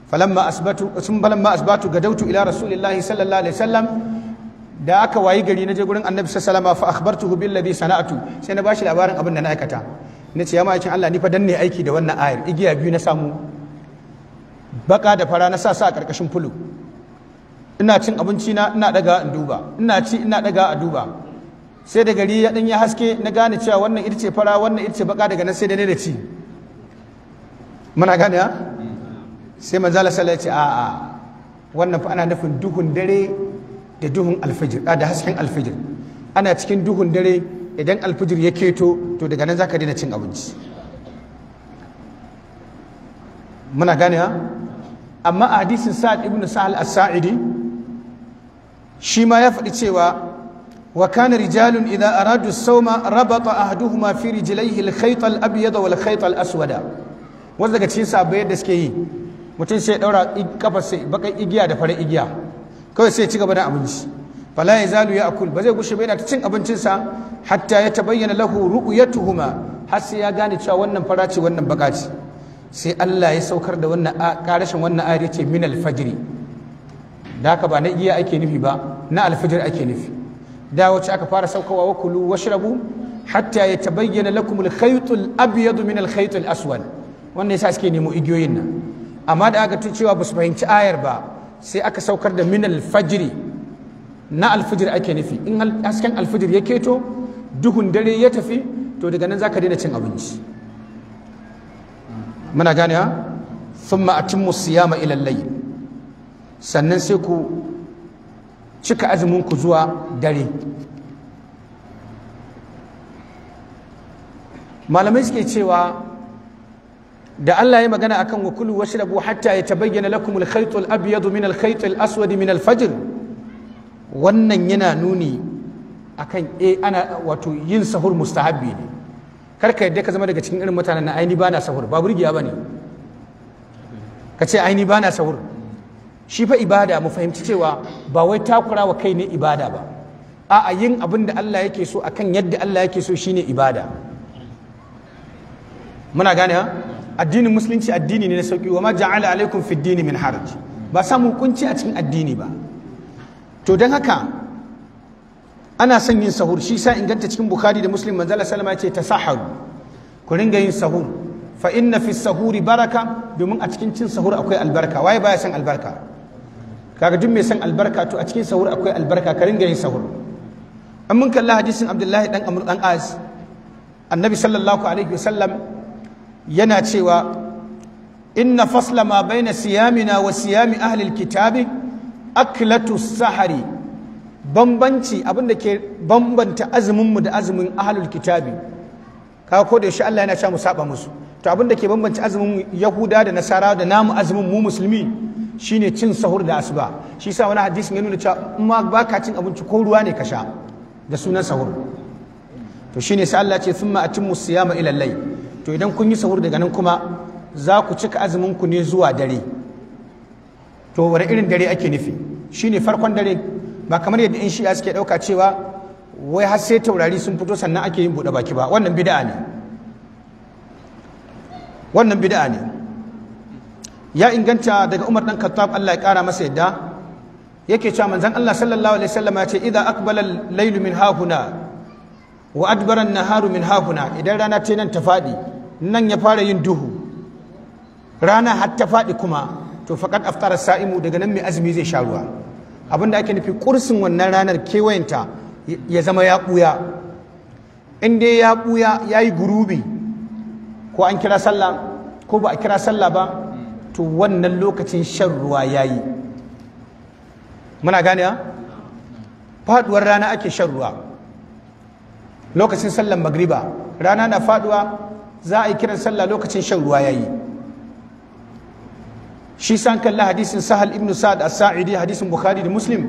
falamma asbatu sun falamma asbatu gadautu ila rasulillahi sallallahu alaihi wasallam da aka wayi gari na je gurin annabi sallallahu alaihi fa akhbartuhu billadhi sana'atu sai na bashi labarin abin da na aikata na ce ya ma'aikin Allah ni fa danne aiki da wannan ayar igiya biyu na samu baka da fara na sa sa a karkashin fulu ina cin abinci na ina daga in duba ina ci ina daga a duba sai da gari ya dan ya haske na gane cewa wannan ita ce fara wannan ita ce baka daga nan sai da ne da ci muna gane ha sai manzala sallallahu alaihi ce a'a wannan fa ana nufin duhun dare da duhun alfijir da hasken alfijir ana cikin duhun dare idan alfijir ya keto to daga nan zaka daina cin abinci muna gane ha amma a hadisin sa'ad ibnu sa'al as-sa'idi shi ma ya faɗi cewa wa kana rijalun idza aradu as-sawma rabata ahaduhuma fi rijlaihi al-khayt al-abyad wal khayt al-aswada wanda daga cikin sabai da suke yi mutum sai ya daura kafar sai igiya da fara igiya kawai sai ci gaba da abinci fala ya zalu ya akul ba zai gushe ba yana ta cin abincinsa hatta ya tabayyana lahu ru'yatuhuma har sai ya gane cewa wannan fara ce wannan baka ce sai Allah ya saukar da wannan karashin wannan ayar yace min alfajri da haka ba na iya ake nufi ba na alfajiri ake nufi da wacce aka fara saukawa wa kulu washrabu hatta ya tabayyana lakum alkhaytul abyad min alkhaytul aswad wannan yasa suke nemo igiyoyin nan amma da aka tucewa ba su fahimci ayar ba sai aka saukar da min alfajiri na alfajiri ake nufi in hasken alfijir ya keto duhun dare ya tafi to daga nan zaka daina cin abinci muna gane ha thumma atimmu siyama ila sannan sai ku cika azumin ku zuwa dare malamai suke cewa da Allah ya magana akan wa kulu washrabu hatta yatabayyana lakum al-khayt al-abyad min al-khayt al-aswad min al-fajr wannan yana nuni akan eh ana wato yin sahur mustahabbi ne karka yadda ka zama daga cikin irin mutanen na aini bana sahur ba burgiya bane ka ce aini bana sahur shi fa ibada mu fahimci cewa ba wai takura wa kai ne ibada ba a'a yin abin da Allah yake so akan yadda Allah yake so shine ibada muna gane ha addinin musulunci addini ne na sauki wa ma ja'ala alaikum fid dini min haraj ba samu kunci a cikin addini ba to don haka ana son yin sahur shi sa inganta cikin bukhari da muslim manzala salama ce ta saharu ku ringa yin sahur fa inna fi sahuri baraka domin a cikin cin sahur akwai albarka waye baya son albarka kaga duk mai son albarka to a cikin sahur akwai albarka ka ringa yin sahur an mun kalla hadisin abdullahi dan amr dan annabi sallallahu alaihi wasallam yana cewa inna fasla ma baina siyamina wa siyami ahlil kitabi aklatu sahari bambanci abinda ke bambanta azuminmu da azumin ahlul kitabi kawo ko da Allah yana sha mu saba musu to abinda ke bambanta azumin yahuda da nasara da namu azumin mu musulmi shine cin sahur da asuba shi yasa wani hadisi ya nuna cewa in ma baka cin abinci ko ruwa ne ka sha da sunan sahur to shine sai Allah ce thumma atimmu siyama ila layl to idan kun yi sahur daga nan kuma za ku cika azumin ku ne zuwa dare to wani irin dare ake nufi shine farkon dare ba kamar yadda in shi'a suke ɗauka cewa wai har sai taurari sun fito sannan ake yin buɗe baki ba wannan bid'a ne wannan bid'a ne ya inganta daga Umar dan Khattab Allah ya kara masa yadda yake cewa manzon Allah sallallahu alaihi wasallam ya ce idza aqbala al min hahuna wa adbaran naharu min hahuna idan rana ta nan ta faɗi nan ya fara yin duhu rana har ta faɗi kuma to faqad aftara sa'imu daga nan mai azumi zai sha ruwa abinda ake nufi kursin wannan ranar kewayenta ya zama ya ɓuya in dai ya ɓuya ya yi gurubi ko an kira sallah ko ba a kira sallah ba to wannan lokacin shan ruwa ya yi muna gane faɗuwar rana ake shan ruwa lokacin sallar magriba rana na faduwa za a yi kiran sallah lokacin shan ruwa yayi shi san kalla hadisin sahal ibn sa'ad as-sa'idi hadisin bukhari da muslim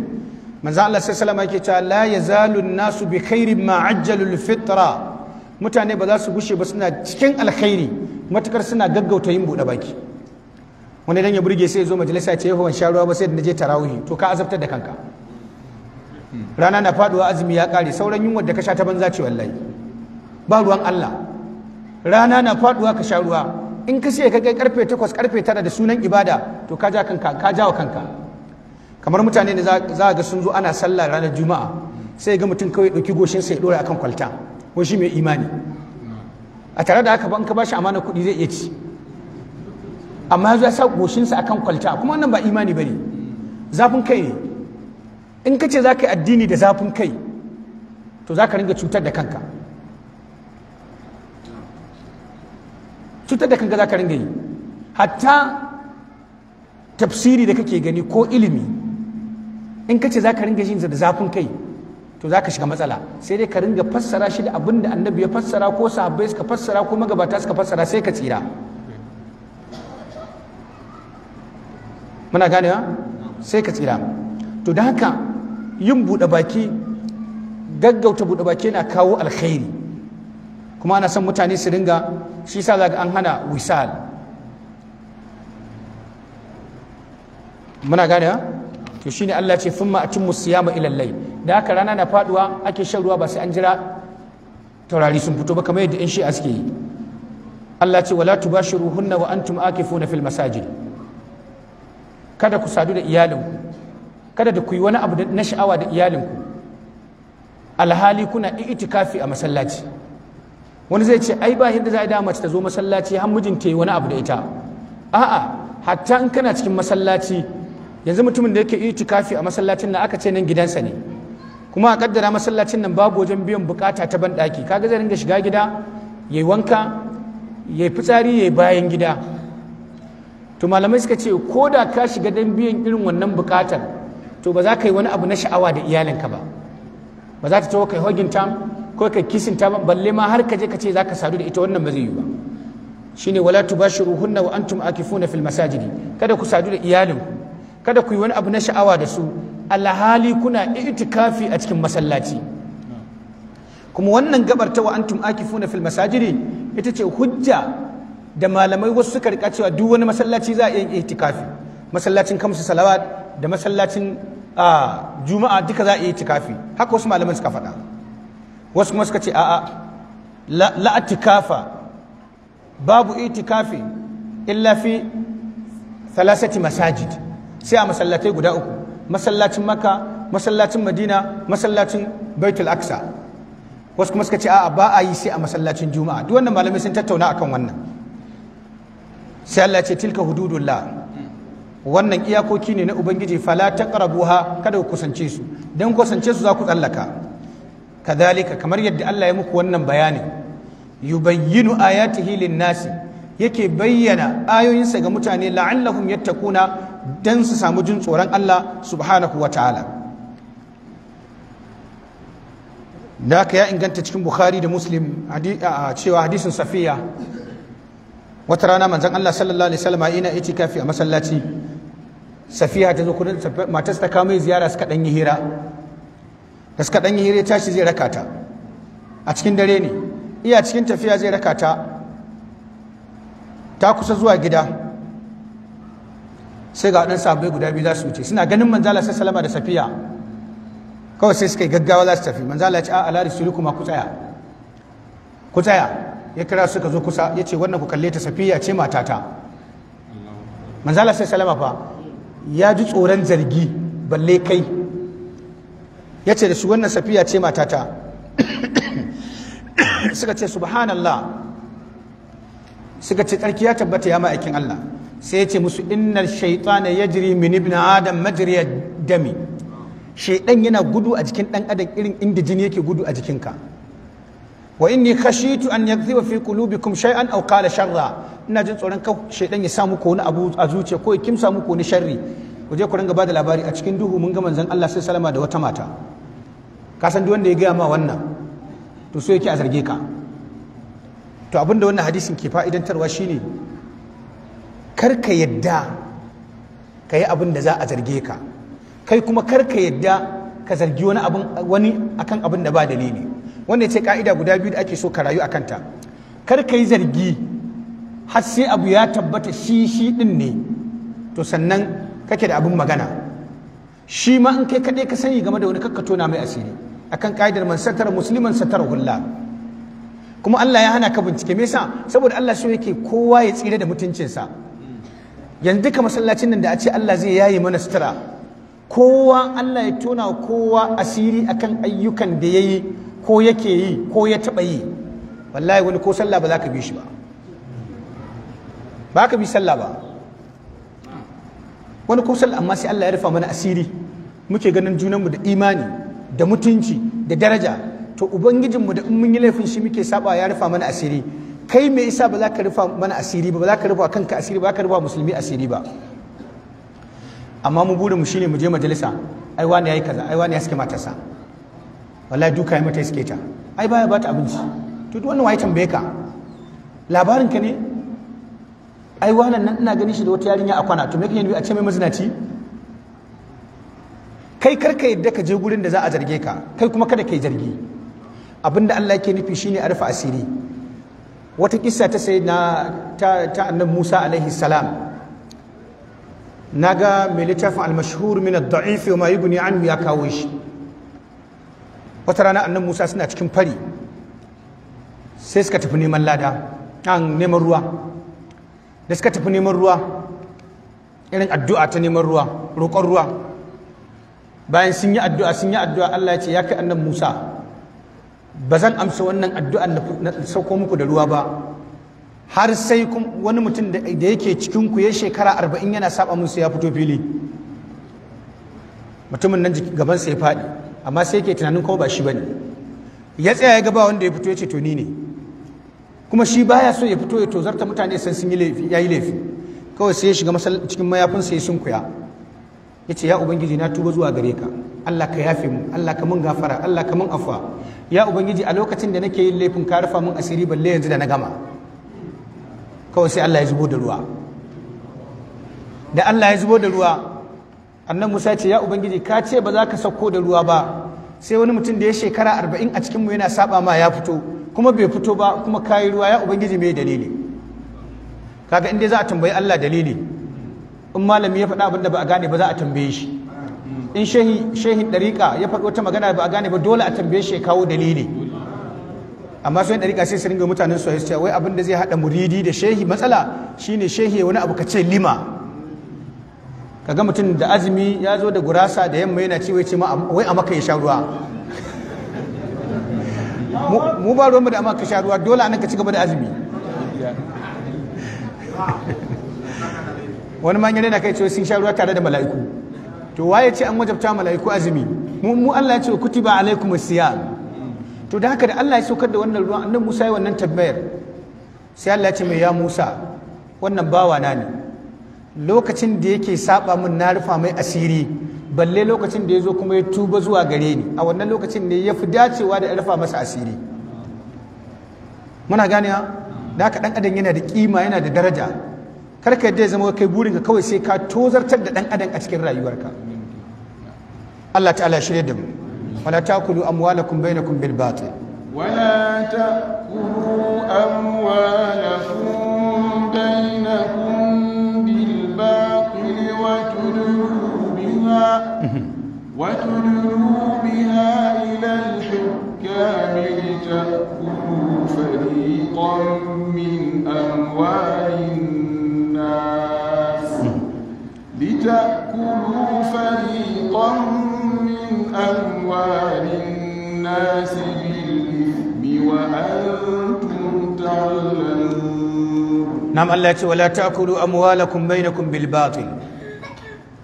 manzo Allah sai sallama yake cewa la yazalu nasu bi khairin ma ajjalu fitra mutane ba za su gushe ba suna cikin alkhairi matukar suna gaggauta yin bude baki wani dan ya burge sai ya zo majalisa ya ce yawan sha ruwa ba sai da naje tarawih to ka azabtar da kanka rana na faduwa azumi ya kare sauran yunwa da ka sha ta banza ce wallahi ba ruwan Allah rana na faduwa ka sha ruwa in ka ce ka kai karfe 8 karfe 9 da sunan ibada to ka ja kanka ka jawo kanka kamar mutane ne za ga sun zo ana sallah ranar juma'a sai ga mutum kawai dauki goshin sai ya dora akan kwalta ko shi mai imani a tare da haka ban ka bashi amana kuɗi zai iya ci amma ya zo ya sa goshinsa akan kwalta kuma wannan ba imani bane zafin kai ne in ka ce za ka yi addini da zafin kai to za ka ringa cutar da kanka cutar da kanka za ka ringa yi hatta tafsiri da kake gani ko ilimi in ka ce za ka ringa yin da zafin kai to za ka shiga matsala sai dai ka ringa fassara shi da abin da annabi ya fassara ko sahabbai suka fassara ko magabata suka fassara sai ka tsira muna ganewa sai ka tsira to da haka yin buɗe baki gaggauta buɗe baki na kawo alkhairi kuma ana son mutane su ringa shi sa zaga an hana wisal muna gane ha to shine Allah ce thumma atimmu siyama ila layl da haka rana na faduwa ake shan ruwa ba sai an jira taurari sun fito ba kamar yadda in shi'a suke yi Allah ce wala tubashiruhunna wa antum akifuna fil masajid kada ku sadu da iyalinku kada da ku yi wani abu na sha'awa da iyalinku alhali kuna itikafi a masallaci wani zai ce ai ba yadda za a dama mace ta zo masallaci har mijinta yi wani abu da ita a'a hatta in kana cikin masallaci yanzu mutumin da yake itikafi a masallacin nan aka ce nan gidansa ne kuma a kaddara masallacin nan babu wajen biyan bukata ta ban daki kaga zai ringa shiga gida yayi wanka yayi fitsari yayi bayan gida to malamai suka ce ko da ka shiga dan biyan irin wannan bukatar to ba za ka yi wani abu na sha'awa da iyalinka ba ba za ta tawo oh, kai hogin ta ko kai kisin ta balle ma har ka je ka ce za ka sadu da ita wannan ba zai yi ba shine wala tubashiruhunna wa antum akifuna fil masajidi kada ku sadu da iyalinku kada ku yi wani abu na sha'awa da su alhali kuna itikafi a cikin masallaci kuma wannan gabar ta wa antum akifuna fil masajidi ita ce hujja da malamai wasu suka rika cewa duk wani masallaci za a yi itikafi masallacin kamsu salawat da masallacin juma'a duka za a yi tikafi haka wasu malaman suka faɗa wasu kuma suka ce a'a la'atikafa babu itikafi illa fi thalasati masajid sai a masallatai guda uku masallacin makka masallacin madina masallacin baitul aksa wasu kuma suka ce a'a ba a yi sai a masallacin juma'a duk wannan malamai sun tattauna akan wannan sai Allah ya ce tilka hududullah wannan iyakoki ne na ubangiji fala ta taqrabuha kada ku kusance su dan kusance su za ku tsallaka kadhalika kamar yadda Allah ya muku wannan bayani yubayyinu ayatihi hilin nasi yake bayyana ayoyinsa ga mutane la'allahum yattaquna dan su samu jin tsoron Allah subhanahu wataala Naka ya inganta cikin bukhari da muslim a cewa hadisin safiya wata rana manzan Allah sallallahu alaihi wasallam ina itikafi a masallaci safiya ta zo kudin matar ta kawo mai ziyara suka dan yi hira da suka dan yi hira tashi zai rakata. a cikin dare ne iya cikin tafiya zai rakata. ta kusa zuwa gida sai ga waɗansu abai guda biyu za su wuce suna ganin manzala sai salama da safiya kawai sai suka yi gaggawa za su tafi manzala ya ci a ala rasulukum ku tsaya ku tsaya ya kira suka zo kusa ya ce wannan ku kalle ta safiya ce matata manzala sai salama fa ya ji tsoron zargi balle kai ya ce da su wannan safiya ce matata <coughs> suka ce subhanallah suka ce tsarki ya tabbata ya ma'aikin Allah sai ya ce musu innar shaitana ya jiri min ibn adam dami shaidan yana gudu a jikin dan adam irin inda jini yake gudu a jikinka wa inni khashitu an yakdhiba fi qulubikum shay'an aw qala sharra ina jin tsoron ka shaydan ya samu muku wani abu a zuciya ko ya kimsa muku wani sharri ku je ku ranga bada labari a cikin duhu mun ga manzon Allah sai salama da wata mata ka san duk wanda ya gaya ma wannan to so yake a zarge ka to abinda wannan hadisin ke fa'idantarwa shine kar ka yadda ka yi abin da za a zarge ka kai kuma kar ka yadda ka zargi wani abin wani akan abin da ba dalili wannan ce ka'ida guda biyu da ake so ka rayu a kanta kar ka yi zargi har sai abu ya tabbata shi shi din ne to sannan kake da abin magana shi ma in kai kaɗai ka sani game da wani kakka tona mai asiri akan ka'idar man satara musliman hulla kuma Allah ya hana ka bincike me yasa saboda Allah so yake kowa ya tsira da mutuncinsa yanzu duka masallacin nan da a ce Allah zai yayi mana sutura kowa Allah ya tona kowa asiri akan ayyukan da yayi ko yake yi ko ya taba yi wallahi wani ko sallah ba za ka bi shi ba ba ka bi sallah ba wani ko sallah amma sai Allah ya rufa mana asiri muke ganin junanmu da imani da mutunci da daraja to ubangijinmu da in mun yi laifin shi muke saba ya rufa mana asiri kai me isa ba za ka rufa mana asiri ba ba za ka rufa kanka asiri ba za ka rufa musulmi asiri ba amma mu burin mu shine mu je majalisa ai wani yayi kaza ai wani ya suke matarsa wallahi duka ya mata iske ta ai baya ba ta abinci to duk wannan waye tambaye ka labarin ka ne ai wannan nan ina ganin shi da wata yarinya a kwana to me kake nufi a ce mai mazinaci kai karka yadda ka je gurin da za a zarge ka kai kuma kada ka yi zargi abinda Allah yake nufi shine a rufe asiri wata kissa ta sai na ta, ta annabi Musa alaihi salam naga mai littafin al-mashhur min ad-da'if wa ma yubni anhu ya kawo shi wata rana annan musa suna cikin fari sai suka tafi neman lada an neman ruwa da suka tafi neman ruwa irin addu'a ta neman ruwa roƙon ruwa bayan sun yi addu'a sun yi addu'a Allah ya ce ya kai annan musa ba zan amsa wannan addua na sauko muku da ruwa ba har sai wani mutum da yake cikin ku ya shekara arba'in yana saba musu ya fito fili mutumin nan gabansa ya faɗi amma sai ke tunanin kawo ba shi ba ne. ya tsaya ya gaba wanda ya fito ya ce to ni ne kuma shi baya so ya fito ya tozarta mutane san sun yi laifi yayi laifi kawai sai ya shiga cikin mayafin sai sun kuya ya ce ya ubangiji na tuba zuwa gare ka Allah ka yafe mu Allah ka mun gafara Allah ka mun afuwa. ya ubangiji a lokacin da nake yin laifin ka rufa mun asiri balle yanzu da na gama kawai sai Allah ya zubo da ruwa da Allah ya zubo da ruwa annan musa ce ya ubangiji ka ce ba za ka sauko da ruwa ba sai wani mutum da ya shekara arba'in a mu yana saba ma ya fito kuma bai fito ba kuma kayi ruwa ya ubangiji mai dalili kaga inda za a tambayi allah dalili in malami ya faɗa abinda da ba a gane ba za a tambaye shi in shehin ɗariƙa ya faɗi wata magana ba a gane ba dole a tambaye shi ya kawo dalili amma sai ɗariƙa sai su ringa mutanen su wai abinda zai haɗa muridi da shehi matsala shine shehi wani abu ka ce lima Ka ga mutum da azumi ya zo da gurasa da yamma yana ci ce wai a maka ya sha ruwa mu ba ruwanmu da a maka sha ruwa dole anan ka ci gaba da azumi <laughs> wani manyan yana kai ce sun sha ruwa tare da mala'iku to waye ce an wajabta mala'iku azumi mu Allah ya ce kutiba alaikum siyam to da haka da Allah ya saukar da wannan ruwan annabi Musa ya wannan tabbayar sai Allah ya ce mai ya Musa wannan bawa na ne lokacin da yake saba min na rufa mai asiri balle lokacin da ya zo kuma ya tuba zuwa gare ni a wannan lokacin ne ya fi dacewa da rufa masa asiri muna gane da haka dan adam yana da kima yana da daraja karka ka yadda ya zama kai burinka kawai sai ka tozartar da ɗan adam a cikin rayuwarka Allah ta'ala shirya da mu wala takulu amwalakum bainakum bil batil wala ta'kulu amwalakum bainakum بالباطل وتدلوا بها وتدلوا بها إلى الحكام لتأكلوا فريقا من أموال الناس لتأكلوا فريقا من أموال الناس بالإثم وأنتم تعلمون nam Allah ya ce wala ta'kulu amwalakum bainakum bil batil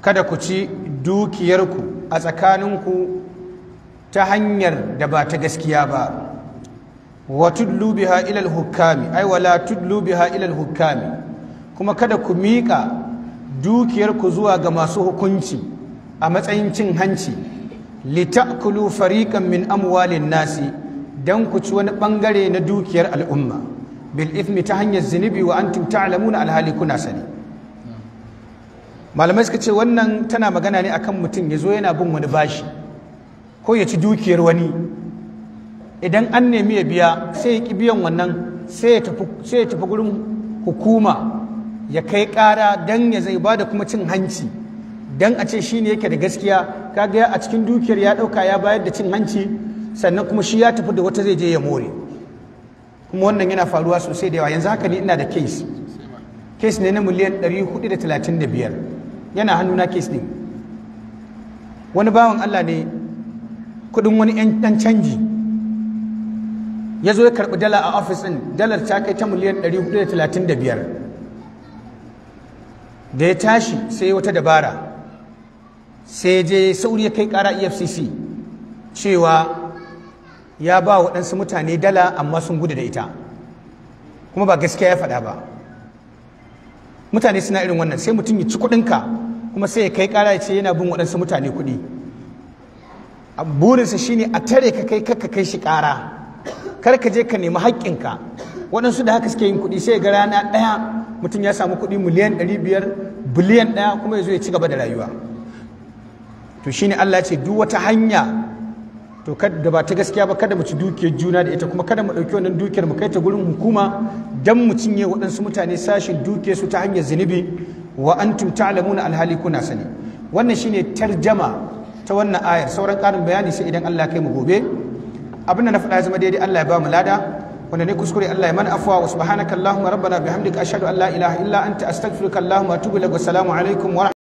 kada ku ci dukiyarku a tsakaninku ta hanyar da ba ta gaskiya ba wa tudlu biha ila al hukami ay wala tudlu biha ila al hukami kuma kada ku miƙa dukiyarku zuwa ga masu hukunci a matsayin cin hanci litakulu fariqan min amwalin nasi dan ku ci wani bangare na dukiyar al'umma bil ithmi ta hanyar zinubi wa antum ta'lamuna alhali kuna sani malamai suka ce wannan tana magana ne akan mutum ya zo yana bin wani bashi ko ya ci dukiyar wani idan an nemi ya biya sai ya biyan wannan sai ya tafi gurin hukuma ya kai kara dan ya zai ba da kuma cin hanci dan a ce shi ne yake da gaskiya kaga a cikin dukiyar ya ɗauka ya bayar da cin hanci sannan kuma shi ya tafi da wata zai je ya more kuma wannan yana faruwa sosai da yawa yanzu haka ni ina da case case ne na miliyan 435 yana hannuna case ne. wani bawan Allah ne kudin wani yan canji ya zo ya karɓi dala a ofis ɗin dalar ta kai ta miliyan 435 da ya tashi sai wata dabara sai je sauri ya kai kara efcc cewa ya ba waɗansu mutane dala amma sun gudu da ita kuma ba gaskiya ya faɗa ba mutane suna irin wannan sai mutum ya ci kuɗinka kuma sai ya kai ƙara ya ce yana bin waɗansu mutane kuɗi burinsa shine a tare ka kai ka kai shi ƙara kar ka je ka nemi haƙƙinka waɗansu da haka suke yin kuɗi sai ga rana ɗaya mutum ya samu kuɗi miliyan ɗari biyar biliyan ɗaya kuma ya zo ya ci gaba da rayuwa to shine Allah ce duk wata hanya to da ba ta gaskiya ba kada mu ci dukiyar juna da ita kuma kada mu ɗauki wannan dukiyar mu kai ta gurin hukuma dan mu cinye waɗansu mutane sashin dukiyar su ta hanyar zunubi wa antum ta'lamuna alhali kuna sani wannan shine tarjama ta wannan ayar sauran ƙarin bayani sai idan Allah kai mu gobe abin da na faɗa zama daidai Allah ya ba mu lada wanda ne kuskure Allah ya mana afwa wa subhanaka allahumma rabbana bihamdika ashhadu an la ilaha illa anta astaghfiruka allahumma atubu wa assalamu alaikum wa